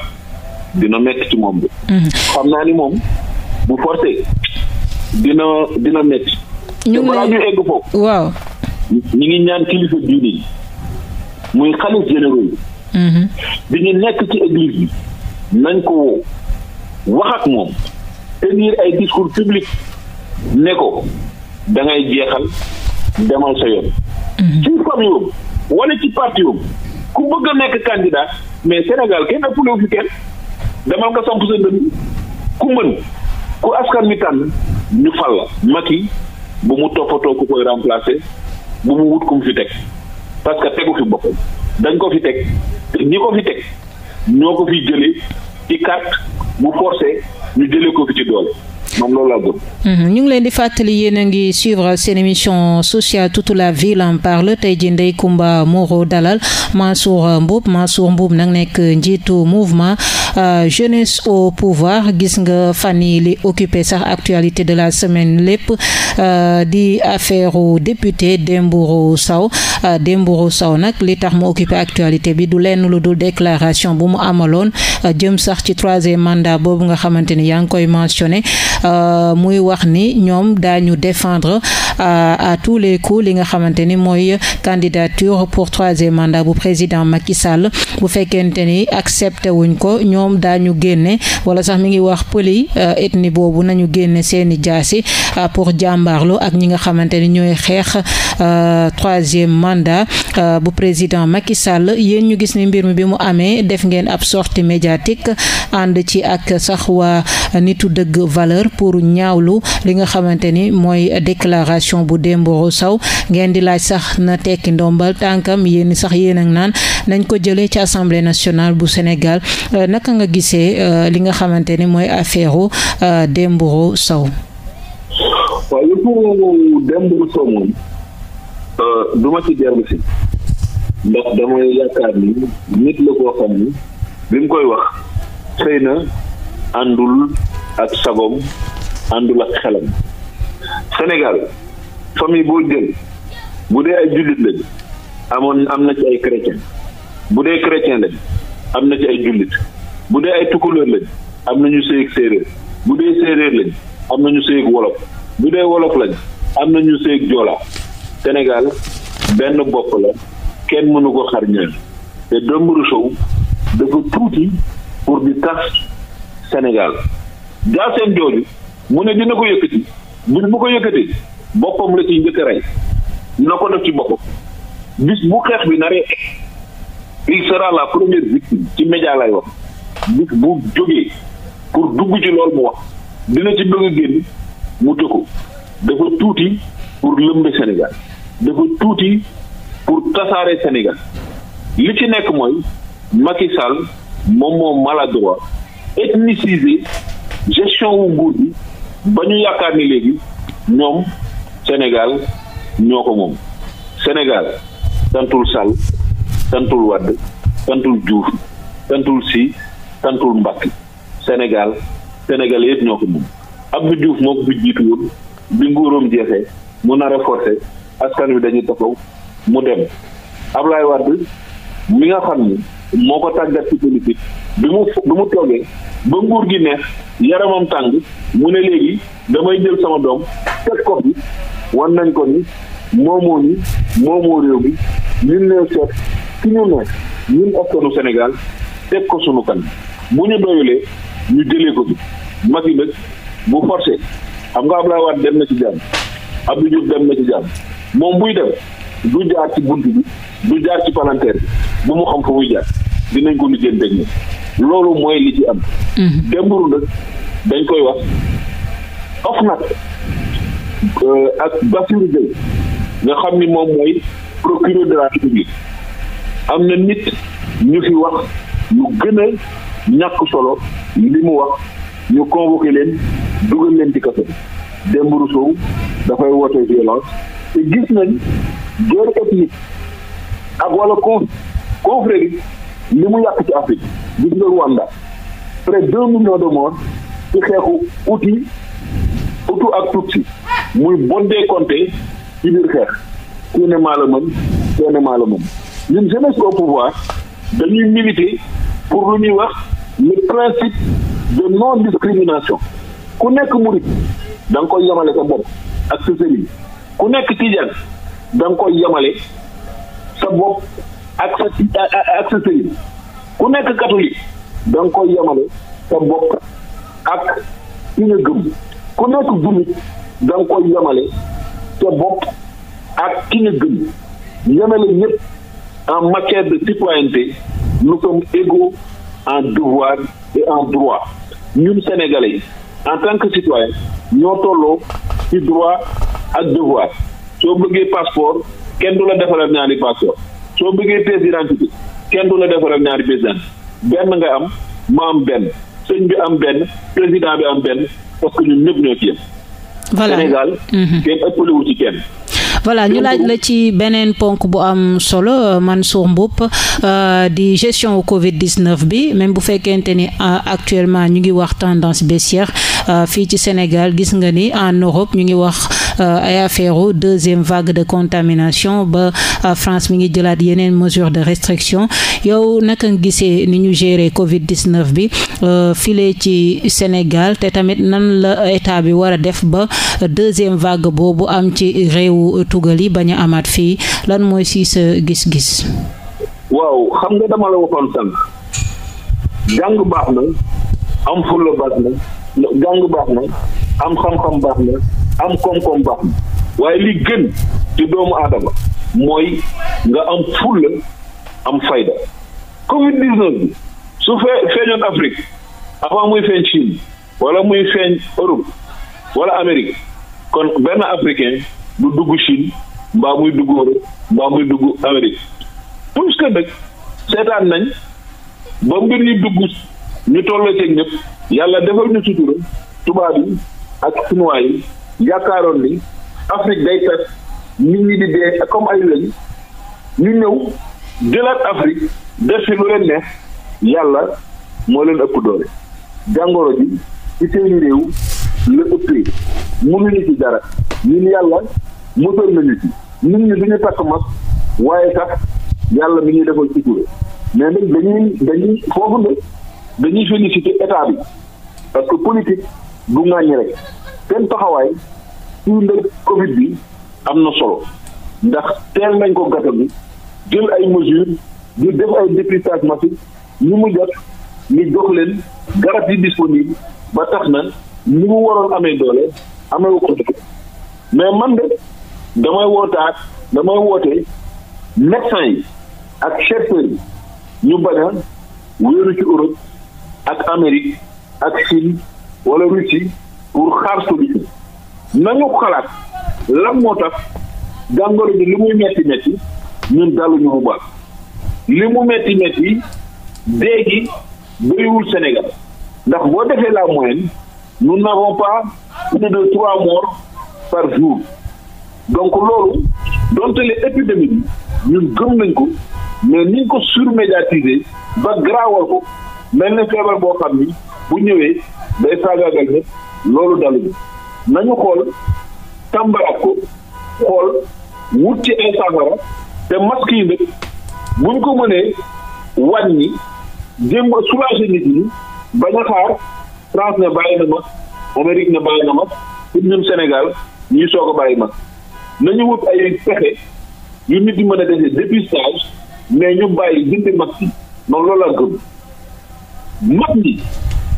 Speaker 2: dina métti ci moom bi mhm. xam naa ni moom bu forcé dina dina métti
Speaker 1: ñu ngi egg foofu waaw
Speaker 2: ñu ngi ñaan kilifa diine yi muy xalif généraux yi mhm. bi ñu nekk ci église bi nañ ko woo wax ak moom tenir ay discours public ne ko da jeexal demal sa yoon mhm. ci famille wala ci parti ku bëgg a nekk candidat mais Sénégal kenn ëppalewu fi kenn demal nga samp sa ndënd ku mën ku askan mi tànn ñu fal la bu mu toppatoo ku koy remplacer bu mu wut ku mu fi teg parce que tegu fi boppam dañ ko fi teg te ñi ko fi teg ñoo ko fi jële ci carte bu forcé ñu jëlee ko fi ci doole moom loolu laa
Speaker 1: mhm. ñu ngi leen di fàttali yéen a ngi suivre seen émission sociale toute la ville en parle tey jii ndey kumba moro dalal Mansour Mboup Mansour mbub nag nekk njiitu mouvement. Euh, jeunesse au pouvoir gis nga fan yi li occupé sax actualité de la semaine lépp euh, di affaire au député Dembourou saw euh, Dembourou saw nag li tax mu occupé actualité bi du lenn lu dul déclaration bu mu amaloon jëm sax ci troisième mandat boobu nga xamante ni yaa ngi koy mentionné muy wax ni ñoom daañu défendre à tous les coups li nga xamante ni mooy candidature pour troisième mandat bu président Macky Sall bu fekkente ni accepté ko ñoom daañu génne wala sax mi ngi wax pëli euh, ethnie boobu nañu génne seeni jaasi euh, pour jàmbaarlu ak ñi nga xamante ni ñooy xeex euh, troisième mandat bu président Macky Sall yéen ñu gis ni mbir mi bi mu amee def ngeen ab sortie médiatique ànd ci ak sax waa nitu dëgg valeur pour ñaawlu li nga xamante ni mooy déclaration bu Dembourou saw ngeen di laaj sax na tekki ndombal tànkam yéen sax yéen ak naan nañ ko jëlee ci assemblée nationale bu Sénégal naka nga gisee euh, li nga xamante ni mooy affaire euh, Dembourou Sow. waaw yëpp Dembourou
Speaker 2: euh, ci dellu ndax damay yaakaar ni nit la koo xam ni li mu koy wax xëy na àndul ak sagom àndul ak xelam Sénégal famille boo jël bu dee ay jullit lañ amoon am na ci ay chrétien bu dee chrétien lañ am na ci ay jullit bu dee ay tukulóor lañ am na ñu séeg séeréer bu dee séeréer lañ am na ñu séeg wolof bu dee wolof lañ am na ñu séeg joola Sénégal benn bopp la kenn mënu ko xar ñaar te Dembourou Sow dafa tuuti pour di tas Sénégal gaa seen jooju mu ne dina ko yëkkati bu bu ko yëkkati boppam la ci njëkk dina ko def ci boppam bis bu xeex bi naree il sera la première victime ci média lay wax bis bu jógee pour dugg ci loolu mu wax dina ci bëgg a génn mu tëkku dafa tuuti pour lëmbe Sénégal dafa tuuti pour tasaare Sénégal li ci nekk mooy Macky Sall moom moo maladroit ethnicisé gestion wu nguur bi ba ñu yaakaar ni léegi ñoom Sénégal ñoo ko moom Sénégal santul Sall santul Wade santul Diouf santul Sy santul Mbàkke Sénégal Sénégal yëpp ñoo ko moom Abdou Diouf moo ko fi jiitu bi nguuroom jeexee mu nar a forcé askan wi dañuy taxaw mu dem Ablaye Wade mi nga xam ni moo ko tàggat ci politique bi mu bi mu toogee ba nguur gi neex yaramam tàng mu ne léegi damay jël sama doom teg ko bi wan nañ ko ni moomoo ñu moomoo réew bi ñun ne seet ki ñu neex ñun askanu Sénégal teg ko sunu kan bu ñu doyulee ñu jëlee ko bi Macky nag bu forcé xam nga Abdoulaye Wade dem na ci jàmm Abdou Diouf dem na ci jàmm moom buy dem du jaar ci bunt bi du jaar ci palanteer bi bu mu xam fu muy jaar dinañ ko liggéey dégg na loolu mooy li ci am. Mhm. démburu nag dañ koy wax of nag euh, ak Bassirou Gueye nga xam ni moom mooy procureur de la République am na nit ñu fi wax. ñu gën a ñàkk solo li mu wax ñu convoqué leen dugal leen ci kaso bi démb Rousseau dafay woote violence te gis nañ guerre ethnique ak wala con confrérie li mu yàq ci Afrique gis nga Rwanda près de deux millions de morts ci xeexu Hutu Hutu ak Tutsi muy bondee compté ci biir xeex kii ne maa la mën kii ne maa la pouvoir dañuy militer pour lu ñuy wax le principe de non discrimination ku nekk murit da nga koy yemale sa bopp ak sa sëriñ ku nekk tijaan da koy yemale sa bopp ak sa ak sa sëriñ ku nekk catholique da nga koy yemale sa bopp ak ki nga gëm ku nekk jullit da koy yemale sa bopp ak ki nga gëm yemale ñëpp en matière de citoyenneté nous sommes égaux en devoir et en droit ñun sénégalais en tant que citoyen ñoo tolloo ci droit ak devoir soo bëggee passeport kenn du la defaral ñaari passeport soo bëggee pièce d'identité kenn du la defaral ñaari pièce benn nga am ma am benn sëñ bi am benn président bi am benn parce que ñun ñëpp ñoo ci yem. voilà Sénégal. Mm-hmm. kenn ëppalewu ci kenn.
Speaker 1: voilà ñu laaj la ci beneen ponk bu am solo man Mansour Mboup euh, di gestion Covid 19 bi même bu fekkente ni euh, actuellement ñu ngi wax tendance baissière euh, fii ci Sénégal gis nga ni en Europe ñu ngi wax. Euh, ay affaire deuxième vague de contamination ba euh, France mi ngi jëlaat yeneen mesure de restriction yow naka nga gisee ni ñu gérer Covid 19 bi euh, file ci Sénégal te tamit nan la état bi war a def ba deuxième vague boobu am ci réewu tugal yi bañu amaat fii lan mooy si sa gis-gis.
Speaker 2: waaw xam nga dama la waxoon sànq jàng baax na am xam-xam baax na. am koom-koom baax na waaye li gën ci doomu aadama mooy nga am fulla am fayda covid 19 bi su fee feeñoon Afrique avant muy feeñ Chine wala muy feeñ Europe wala Amérique kon benn africain bu dugg Chine mbaa muy dugg Europe mbaa muy dugg Amérique puisque nag seetaan nañ ba mbir yi dugg ñu tolloo ceeg ñëpp yàlla defal ñu sutura tubaab yi ak chinois yaakaaroon ni Afrique day perte nit ñi di dee comme ay weñ ñu ñëw jëlaat Afrique def fi lu leen neex yàlla moo leen ëpp doole jàngoro ji ci seen réew la ëppee mënuñu ci dara ñun yàlla musal nañu ci nit ñi duñu takk mas waaye sax yàlla mi ñuy defal sutura mais nag dañuy dañuy foofu nag dañuy féliciter état bi parce que politique du rek seen taxawaay ci ndër Covid bi am na solo ndax ten nañ ko gàttal bi jël ay mesures ñu def ay dépistage massif ñu mu jot ni jox leen garab yi disponible ba tax na ni mu waroon amee doole amee wu ko mais man de damay wootaat damay woote médecin yi ak chercheurs ñu bañ a ci Europe ak Amérique ak Chine wala Russie. pour xaar solution nañu xalaat lan moo tax jàngoro bi li muy metti metti ñun daluñu mu baax li mu metti metti dee gi bëriwul Sénégal ndax boo defee la moyenne nous n'avons pas plus de trois morts par jour donc loolu donte les épidémies bi ñun gëm nañ ko mais ni ñu ko surmédiatiser ba garaawal ko mel na feebar boo xam ni bu ñëwee day saagaagal ñëpp loolu daluñu nañu xool tàmbalaat ko xool wut ci ay saafara te mat kii nag buñ ko mënee wàññi jéem a soulager nit ñi bañ a xaar ne bàyyi na ma Amérique ne bàyyi na ma pour ñun Sénégal ñuy soog a bàyyi ma nañu wut ay pexe yu nit di mën a defee dépistage mais ñu bàyyi jënd masque yi man loolu gëm mag ñi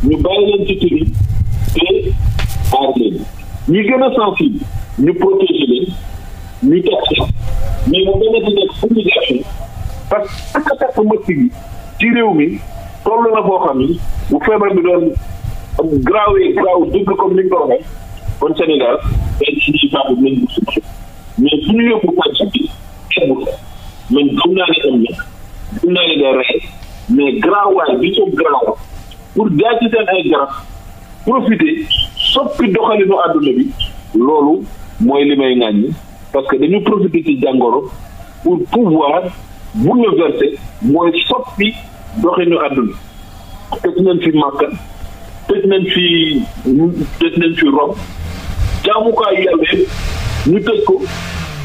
Speaker 2: ñu bàyyi leen ci tur te aar leen ñi gën a sensible ñu protéger leen ñu teg ci mais mu gën a di nekk obligation parce que ak takk ci réew mi toll boo xam ni bu feebar bi doon graawee graw dëgg comme ni ñu ko Sénégal day ci saabu mais su ñu yóbbu ko ci kenn ko man gëm naa ne mais graawaay bi soo graaw pour jaay ci seen ay garab profiter soppi doxalinu àdduna bi loolu mooy li may ŋàññi parce que dañu profiter ci jàngoro pour pouvoir bouleverser mooy soppi doxinu àdduna tëj nañ fi Màkka tëj nañ fi tëj nañ fi Rome jaamukaayu yàlla ñu tëj ko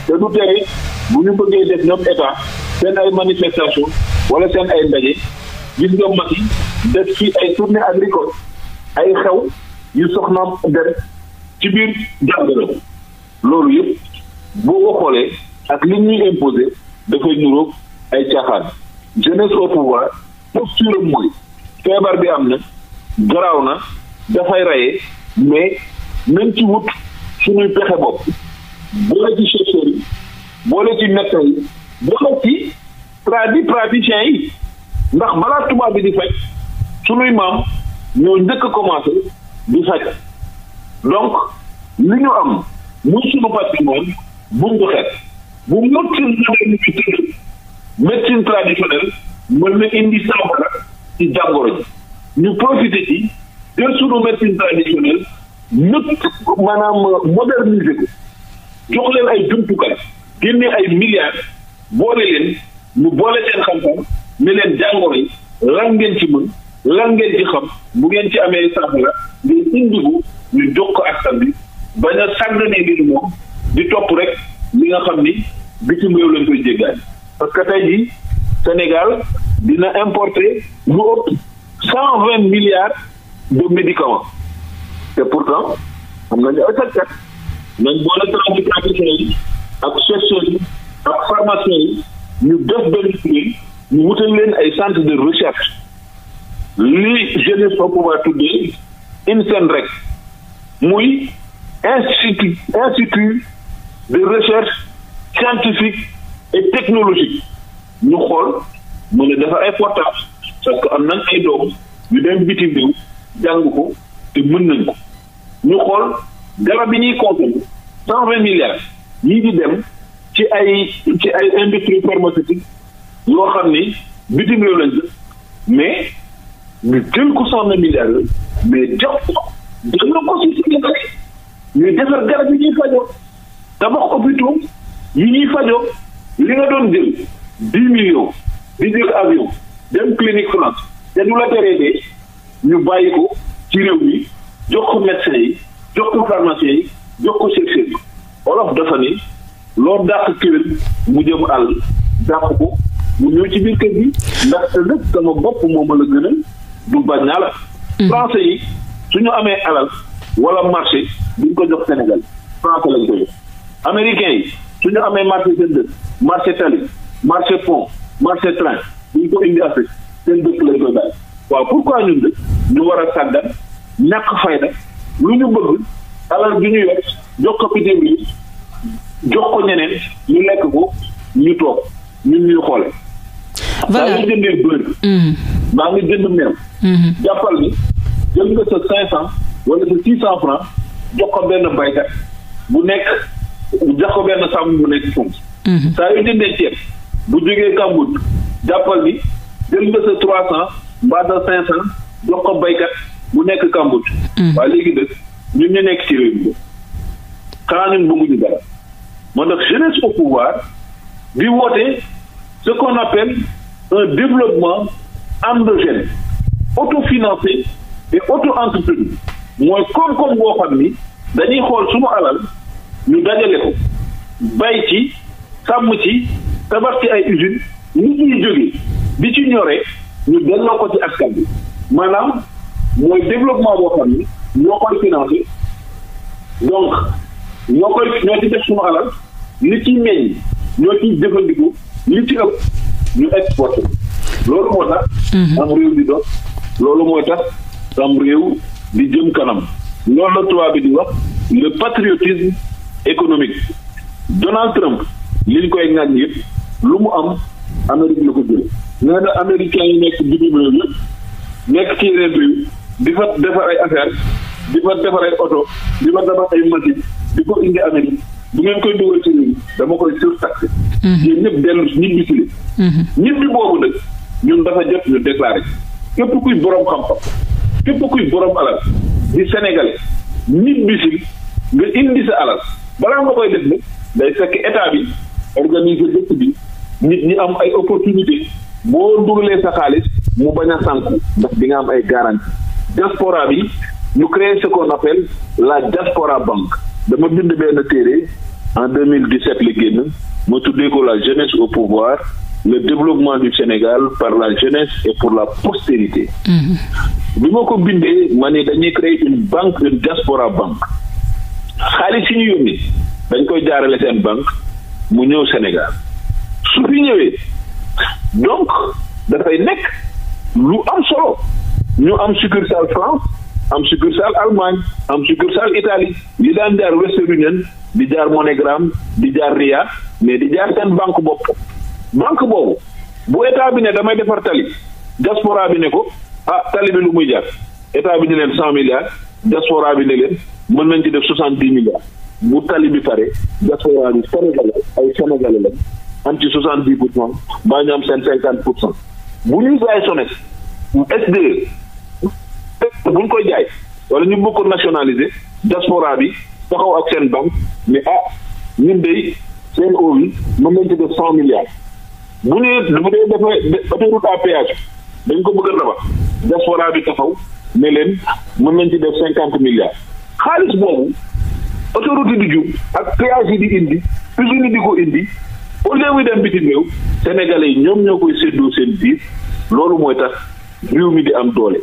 Speaker 2: te du tere bu ñu bëggee def ñoom état seen ay manifestation wala seen ay ndaje gis nga mag def ci ay tournée agricole ay xew yu soxnaam dem ci biir jàngaram loolu yëpp boo ko xoolee ak li ñuy imposé dafay nuroog ay caaxaan jeunesse au pouvoir posture am mooy feebar bi am na garaaw na dafay reye mais nañ ci wut suñuy pexe bopp boole ci chercheurs yi boole ci médecin yi boole ci tradi praticien yi ndax balaa tubaab bi di faj suñuy maam ñoo njëkk a commencé di sàcc donc li ñu am muy suñu patrimoine buñ ko xeet bu médecine modernité tëdd médecine traditionnelle mën na indi saafara ci jàngoro ji ñu profité ci jël suñu médecine traditionnelle ñëpp maanaam moderniser ko jox ay jumtukaay génne ay milliards boole leen ñu boole seen xam-xam ne leen jàngoro yi lan ngeen ci mën lan ngeen ci xam bu ngeen ci amee saafara ngeen indigu ñu jox ko askan bi bañ a sàggane ngir moom di topp rek li nga xam ni bitim réew lañ koy jéggaani parce que tey jii Sénégal dina importer lu ëpp cent vingt milliards de médicaments te pourtant am nañu ay sàccat nañ boole tradipraticiens yi ak chercheurs yi ak pharmaciens yi ñu def benn kuréel ñu wutal leen ay centre de recherche li jeunesse ba pouvoir tuddee INSEN rek muy institut institut de recherche scientifique et technologique ñu xool mën a defar ay portable parce que am nañ ay doom ñu dem bitim réew jàng ko te mën nañ ko ñu xool garab bi ñuy consommé cent vingt milliards yii di dem ci ay ci ay industrie pharmaceutique yoo xam ni bitim réew mais ñu jël ko soxna milliards yooyu mais jox ko jël na ko ñuy defar garab yi ñuy fajoo tabax hôpitaux yi ñuy fajoo li nga doon jël dix millions di jël avion dem clinique France te du la teree dee ñu bàyyi ko ci réew mi jox ko médecin yi jox ko pharmacien yi jox ko chercheur yi olof dafa ni loo dàq këram mu jëm àll dàq ko mu ñëw ci biir kër gi ndax ëllëg sama bopp moom la gën a du bañ naa la. Mm. français yi su ñu amee alal wala marché duñ ko jox Sénégal français lañ ko jox. américain yi su ñu amee marché seen dëkk marché tali marché pont marché train duñ ko indi Afrique seen dëkk lañ koy bàyyi waaw pourquoi ñun de ñu war a sàggan ñàkk fayda lu ñu bëgg alal bi ñu yor jox ko bitim yi jox ko ñeneen ñu lekk ko ñu toog ñun ñuy xoole voilà daal jëndee bëri. maa nga jënd meew. Mhm. jàppal ni jël nga sa cinq cent wala sa six cent franc jox ko benn baykat bu nekk jox ko benn sàmm bu nekk foofu. Mhm. saa yu jëndee bu jógee Kambut jàppal ni jël nga sa trois cent mbaa sa cinq cent jox ko baykat bu nekk Kambut. Mhm. waaye léegi nag ñun ñu nekk ci réew mi xanaa ñun bëgguñu dara moo tax jeunesse au pouvoir di woote ce qu'on un développement. endogène financé et auto entreprise mooy koom-koom boo xam ni dañuy xool suñu alal ñu dajale ko bay ci sàmm ci tabax ci ay usine nit ñuy jóge bi ci ñoree ñu delloo ko ci askan bi maanaam mooy développement boo xam ni ñoo koy financé donc ñoo koy ñoo ci def suñu alal li ciy meññ ñoo ciy jëfandikoo li ci ëpp ñu exporté loolu moo tax. Mhm. am réew di dox loolu mooy tax am réew di jëm kanam loolu la tubaab bi di wax le patriotisme économique Donald Trump liñ koy ŋàññ yëpp lu mu am Amérique la ko jël nee na américain yi nekk bitim réew nekk ci yeneen réew di fa defar ay affaires di fa defar ay oto di fa defar ay machine di ko indi Amérique bu ngeen koy dugal ci réew dama koy surtaxé. Mhm. yéen ñëpp dellu ñibbi si li mhm. ñibbi boobu nag. ñun dafa jot ñu déclaré képp kuy borom xam-xam képp kuy borom alal di sénégalais nit bi si nga indi sa alal balaa nga koy def nag day fekk état bi organiser dëkk bi nit ñi am ay opportunité boo dugalee sa xaalis mu bañ a sànku ndax di nga am ay garantie diaspora bi ñu créé ce qu'on appelle la diaspora banque dama bind benn téere en 2017 la génn ma tuddee ko la jeunesse au pouvoir le développement du Sénégal par la jeunesse et pour la postérité. bi ma ko bindee ma dañuy créer une banque une diaspora banque xaalis yi ñu yónni dañ koy jaarale seen banque mu ñëw Sénégal su fi ñëwee donc dafay nekk lu am solo ñu am succursale France am succursale Allemagne am succursale Italie li daan jaar Western Union di jaar MoneyGram di jaar Ria mais di jaar seen banque bopp. banque boobu bu état bi ne damay defar tali diaspora bi ne ko ah tali bi lu muy jar état bi ne leen cent milliards diaspora bi ne leen mën nañ ci def soixante dix milliards bu tali bi pare diaspora bi sénégalais ay sénégalais lañ am ci soixante dix pour cent mbaa ñu am seen cinquante pour cent bu ñuy jaay SONES SDE bu ñu koy jaay wala ñu bëgg ko nationaliser diaspora bi taxaw ak seen banque mais ah ñun de seen eau bi mën nañ ci def cent milliards bu nee bu dee dafa autoroute à péage dañ ko bëgg a tabax bi taxaw ne leen mën nañ ci def cinquante milliards xaalis boobu autoroute yi di jub ak péage yi di indi usine yi di ko indi au lieu muy dem bitim réew sénégalais yi ñoom ñoo koy séddoo seen biir loolu mooy tax réew mi di am doole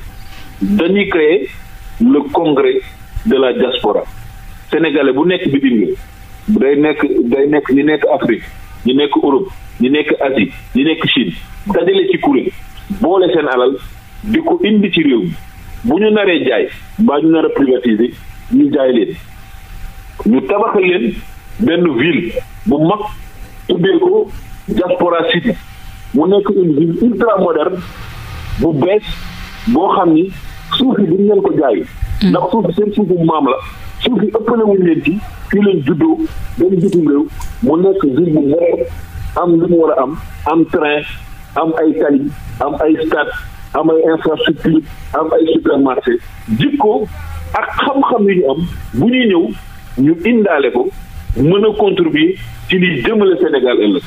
Speaker 2: dañuy créer le congrès de la diaspora sénégalais bu nekk bitim réew day nekk day nekk ñu nekk Afrique ñu nekk Europe ñi nekk Asie ñi nekk Chine dajale ci kuréel boole seen alal di ko indi ci réew mi bu ñu naree jaay mbaa ñu nar a privatiser ñu jaay leen ñu tabaxal leen benn ville bu mag tuddee ko Diaspora City mu nekk une ville ultra bu bees boo xam ni suuf yi duñ leen ko jaay. Hmm. ndax suuf seen suufu maam la suuf yi ëppale fii leen juddoo dañ bitim réew mu nekk ville bu moderne am lu mu war a am am train am ay tali am ay stade am ay infrastructure am ay supermarché jikko ak xam-xam yu ñu am bu ñuy ñëw ñu indaale ko mën a contribuer ci li jëmale Sénégal ëllëg.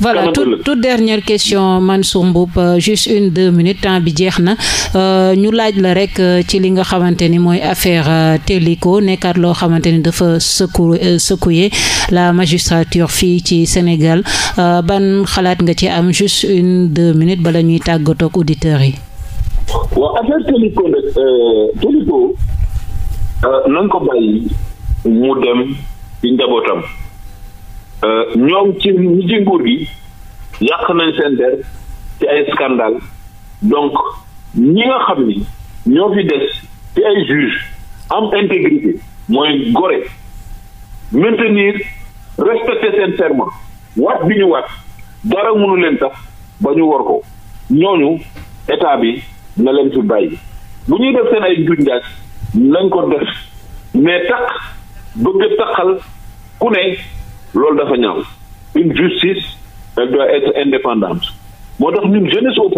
Speaker 1: voilà toute dernière question Mansour Mboup euh, juste une deux minutes temps bi jeex na euh, ñu laaj la rek euh, ci li nga xamante ni mooy affaire Téliko nekkaat loo xamante ni dafa secouer secouer la magistrature fii ci Sénégal ban xalaat nga ci am juste une deux minutes bala ñuy tàggatoo ak auditeurs yi.
Speaker 2: waaw affaire Téliko nag Téliko nañ ko bàyyi mu dem. ci njabootam euh, ñoom ci ñi ci nguur gi yàq nañ seen der ci ay scandale donc ñi nga xam ni ñoo fi des ci ay juge am intégrité mooy gore maintenir respecter seen serment waat bi ñu waat dara mënu leen tax ba ñu war ko ñooñu état bi na leen fi bàyyi bu ñuy def seen ay njuñ njaaj nañ ko def mais tax bëgg a taxal ku ne loolu dafa ñaaw une justice elle doit être indépendante moo tax ñun jeunesse au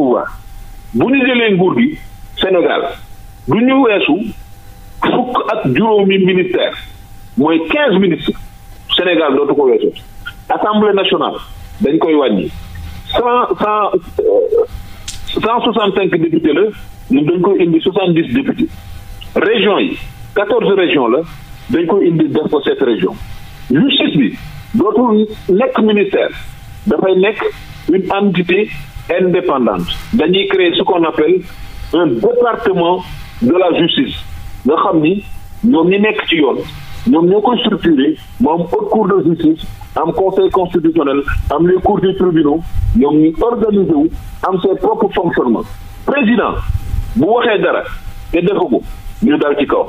Speaker 2: bu ñu jëlee nguur gi Sénégal du ñu weesu fukk ak juróomi ministère mooy quinze ministres Sénégal dootu ko weesu assemblée nationale dañ koy wàññi cent cent euh, cent soixante cinq députés la ñun dañ koy indi soixante dix députés régions yi quatorze régions la dañ ko indi def ko cette région justice bi dootul nekk ministère dafay nekk une entité indépendante dañuy créer ce qu'on appelle un département de la justice nga xam ni ñoom ñi nekk ci yoon ñoom ñoo koy structuré moom haute cour de justice am conseil am les cours des tribunaux ñoom ñu organisé am ses propres fonctionnement président bu waxee dara te defu ko ñu dal ci kaw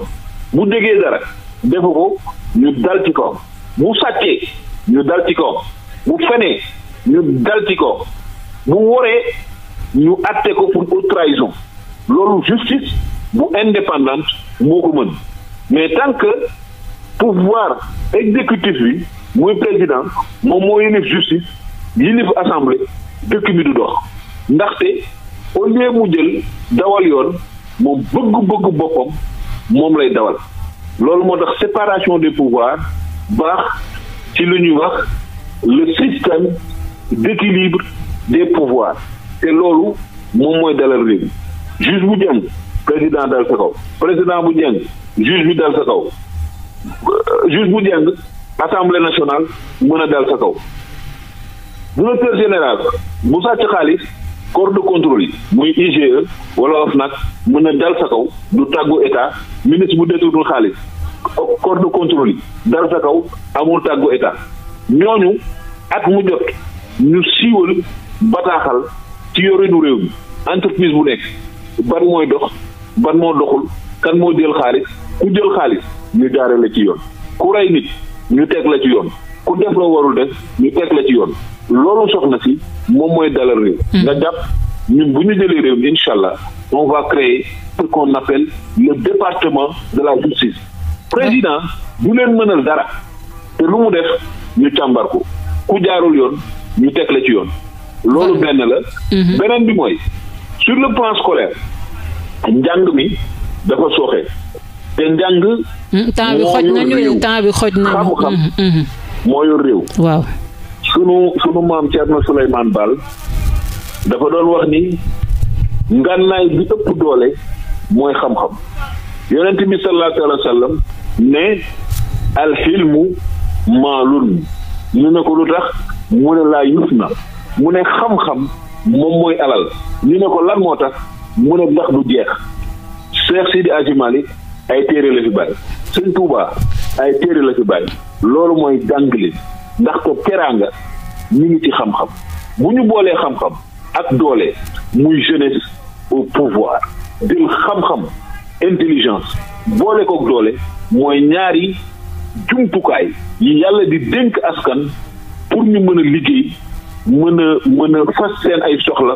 Speaker 2: bu déggee dara defu ko ñu dal ci ko bu sàccee ñu dal ci ko bu fenee ñu dal ci ko bu woree ñu àtte ko pour haute trahison loolu justice bu indépendante moo ko mën mais tant que pouvoir exécutif bi muy président moom moo yilif justice yilif assemblée dëkk bi du dox ndaxte au lieu mu jël dawal yoon moom bëgg-bëgg boppam moom lay dawal loolu moo tax séparation des pouvoirs baax ci lu ñuy wax le système d'équilibre des pouvoirs te loolu moom mooy dalal réew juge bu jëm président dal sa kaw président bu jëng juge bi dal sa kaw euh, juge bu jëng assemblée nationale mën a dal sa kaw directeur général bu sàcc xaalis corps de contrôle yi muy IGE wala nag mën na dal sa kaw du tàggu état ministre bu détournul xaalis corps de contrôle yi dal sa kaw amul tàggu état ñooñu at mu jot ñu siiwal bataaxal ci yorinu réew mi entreprise bu nekk ban mooy dox ban moo doxul kan moo jël xaalis ku jël xaalis ñu jaare la ci yoon ku rey nit ñu teg la ci yoon ku def la warul def ñu teg la ci yoon loolu soxna si moom mooy dalal réew hmm. nga jàpp ñun bu ñu jëlee réew mi incha allah on va créer ce qu'on appelle le département de la justice président hmm. du leen mënal dara te lu mu def ñu càmbar ko ku jaarul yoon ñu teg la ci yoon loolu benn la hmm. beneen bi mooy sur le plan scolaire njàng mi dafa sooxe te njàng
Speaker 1: temps bi xoj nañu temps bi xoj nañu moo yor réew waaw
Speaker 2: sunu sunu maam Thierno Souleymane Baal dafa doon wax ni ngànnaay bi ëpp doole mooy xam-xam yonent bi sallallahu alayhi wa sallam ne alxilmu maalun ñu ne ko lu tax mu ne laa yus na mu ne xam-xam moom mooy alal ñu ne ko lan moo tax mu ne ndax du jeex Cheikh Sidi Hadji Malick ay téere la fi bàyyi Sëñ Tuubaa ay téere la fi bàyyi loolu mooy jàngale ndax ko teraanga ñu ngi ci xam-xam bu ñu boolee xam-xam ak doole muy jeunesse au pouvoir dil xam-xam intelligence boole kook doole mooy ñaari jumtukaay yi yàlla di dénk askan pour ñu mën a liggéey mën a mën a fas seen ay soxla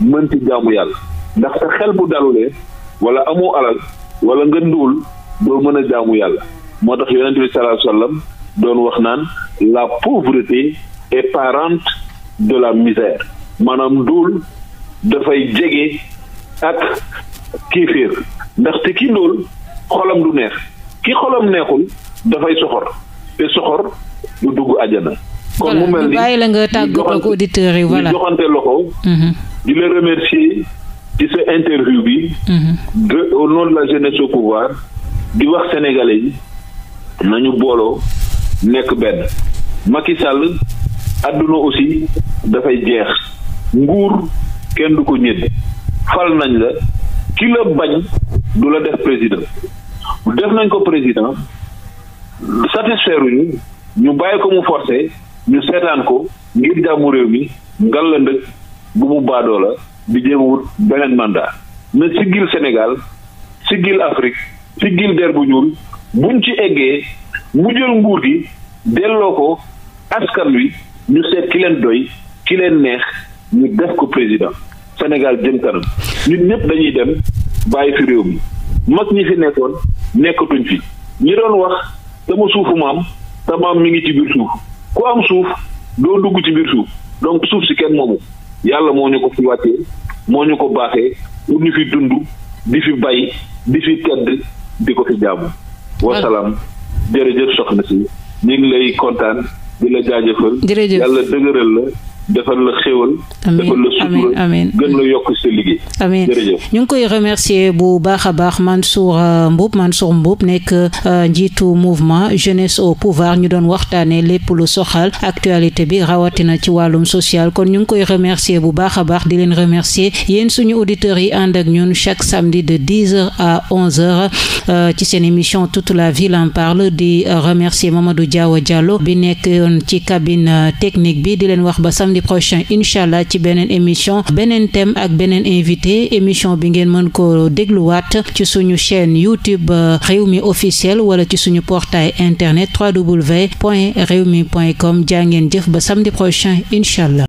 Speaker 2: mën ci jaamu yàlla ndax sa xel bu dalulee wala amoo alal wala nga ndóol boo mën a jaamu yàlla moo tax yonente bi sallallahu alayhi wa doon wax naan la pauvreté est parente de la misère maanaam ndóol dafay jege ak kéeféer ndaxte ki ndóol xolam du neex ki xolam neexul dafay soxor te soxor du dugg àjjana kon mu mel ni bàyyi la
Speaker 1: nga tàggatoo ak auditeurs yi voilà joxante loxo mhm.
Speaker 2: di la remercier ci sa interview bi mhm. de la jeunesse au pouvoir di wax sénégalais yi nañu booloo nekk benn Macky Sall àdduna aussi dafay jeex nguur kenn du ko ñëdd fal nañ la ki bañ du la def président def nañ ko président satisfaire ñu ñu bàyyi ko mu forcé ñu seetaan ko ngir jàmmu réew mi ngal la ndëkk bu mu baadoo la di jéem wut beneen mandat na siggil Sénégal siggil Afrique siggil der bu ñuul buñ ci eggee mu jël nguur gi delloo ko askan wi ñu seet ki leen doy ki leen neex ñu def ko président Sénégal jëm kanam ñun ñëpp dañuy dem bàyyi fi réew mi mag ñi fi nekkoon nekkatuñ fi ñi doon wax sama suufu maam sa maam mi ngi ci biir suuf ku am suuf doo dugg ci biir suuf donc suuf si kenn moomu yàlla moo ñu ko fi wàccee moo ñu ko baaxee pour ñu fi dund di fi bay di fi tedd di ko fi jaamu wasalaam jërëjëf soxna si ñu ngi lay kontaan di la jaajëfal. jërëjëf yàlla dëgëral la. defal la xéwal. defal la yokk sa liggéey. amiin
Speaker 1: ngi koy remercier bu baax a baax man Mansour euh, man Mansour Mboup nekk euh, njiitu mouvement jeunesse au pouvoir ñu doon waxtaanee lépp lu soxal actualité bi rawatina ci wàllum social kon ñu ngi koy remercier bu baax a baax di leen remercier yéen suñu auditeurs yi ànd ak ñun chaque samedi de dix heures à onze heures euh, ci seen émission toute la ville en parle di remercier Mamadou Diawa Diallo bi nekk ci cabine technique bi di leen wax ba samedi. samedi prochain allah ci beneen émission beneen thème ak beneen invité émission bi ngeen mën ko dégluwaat ci suñu chaîne YouTube euh, Rewmi officiel wala ci suñu portail internet mi www.rewmi.com jaa ngeen jëf ba samedi prochain incha allah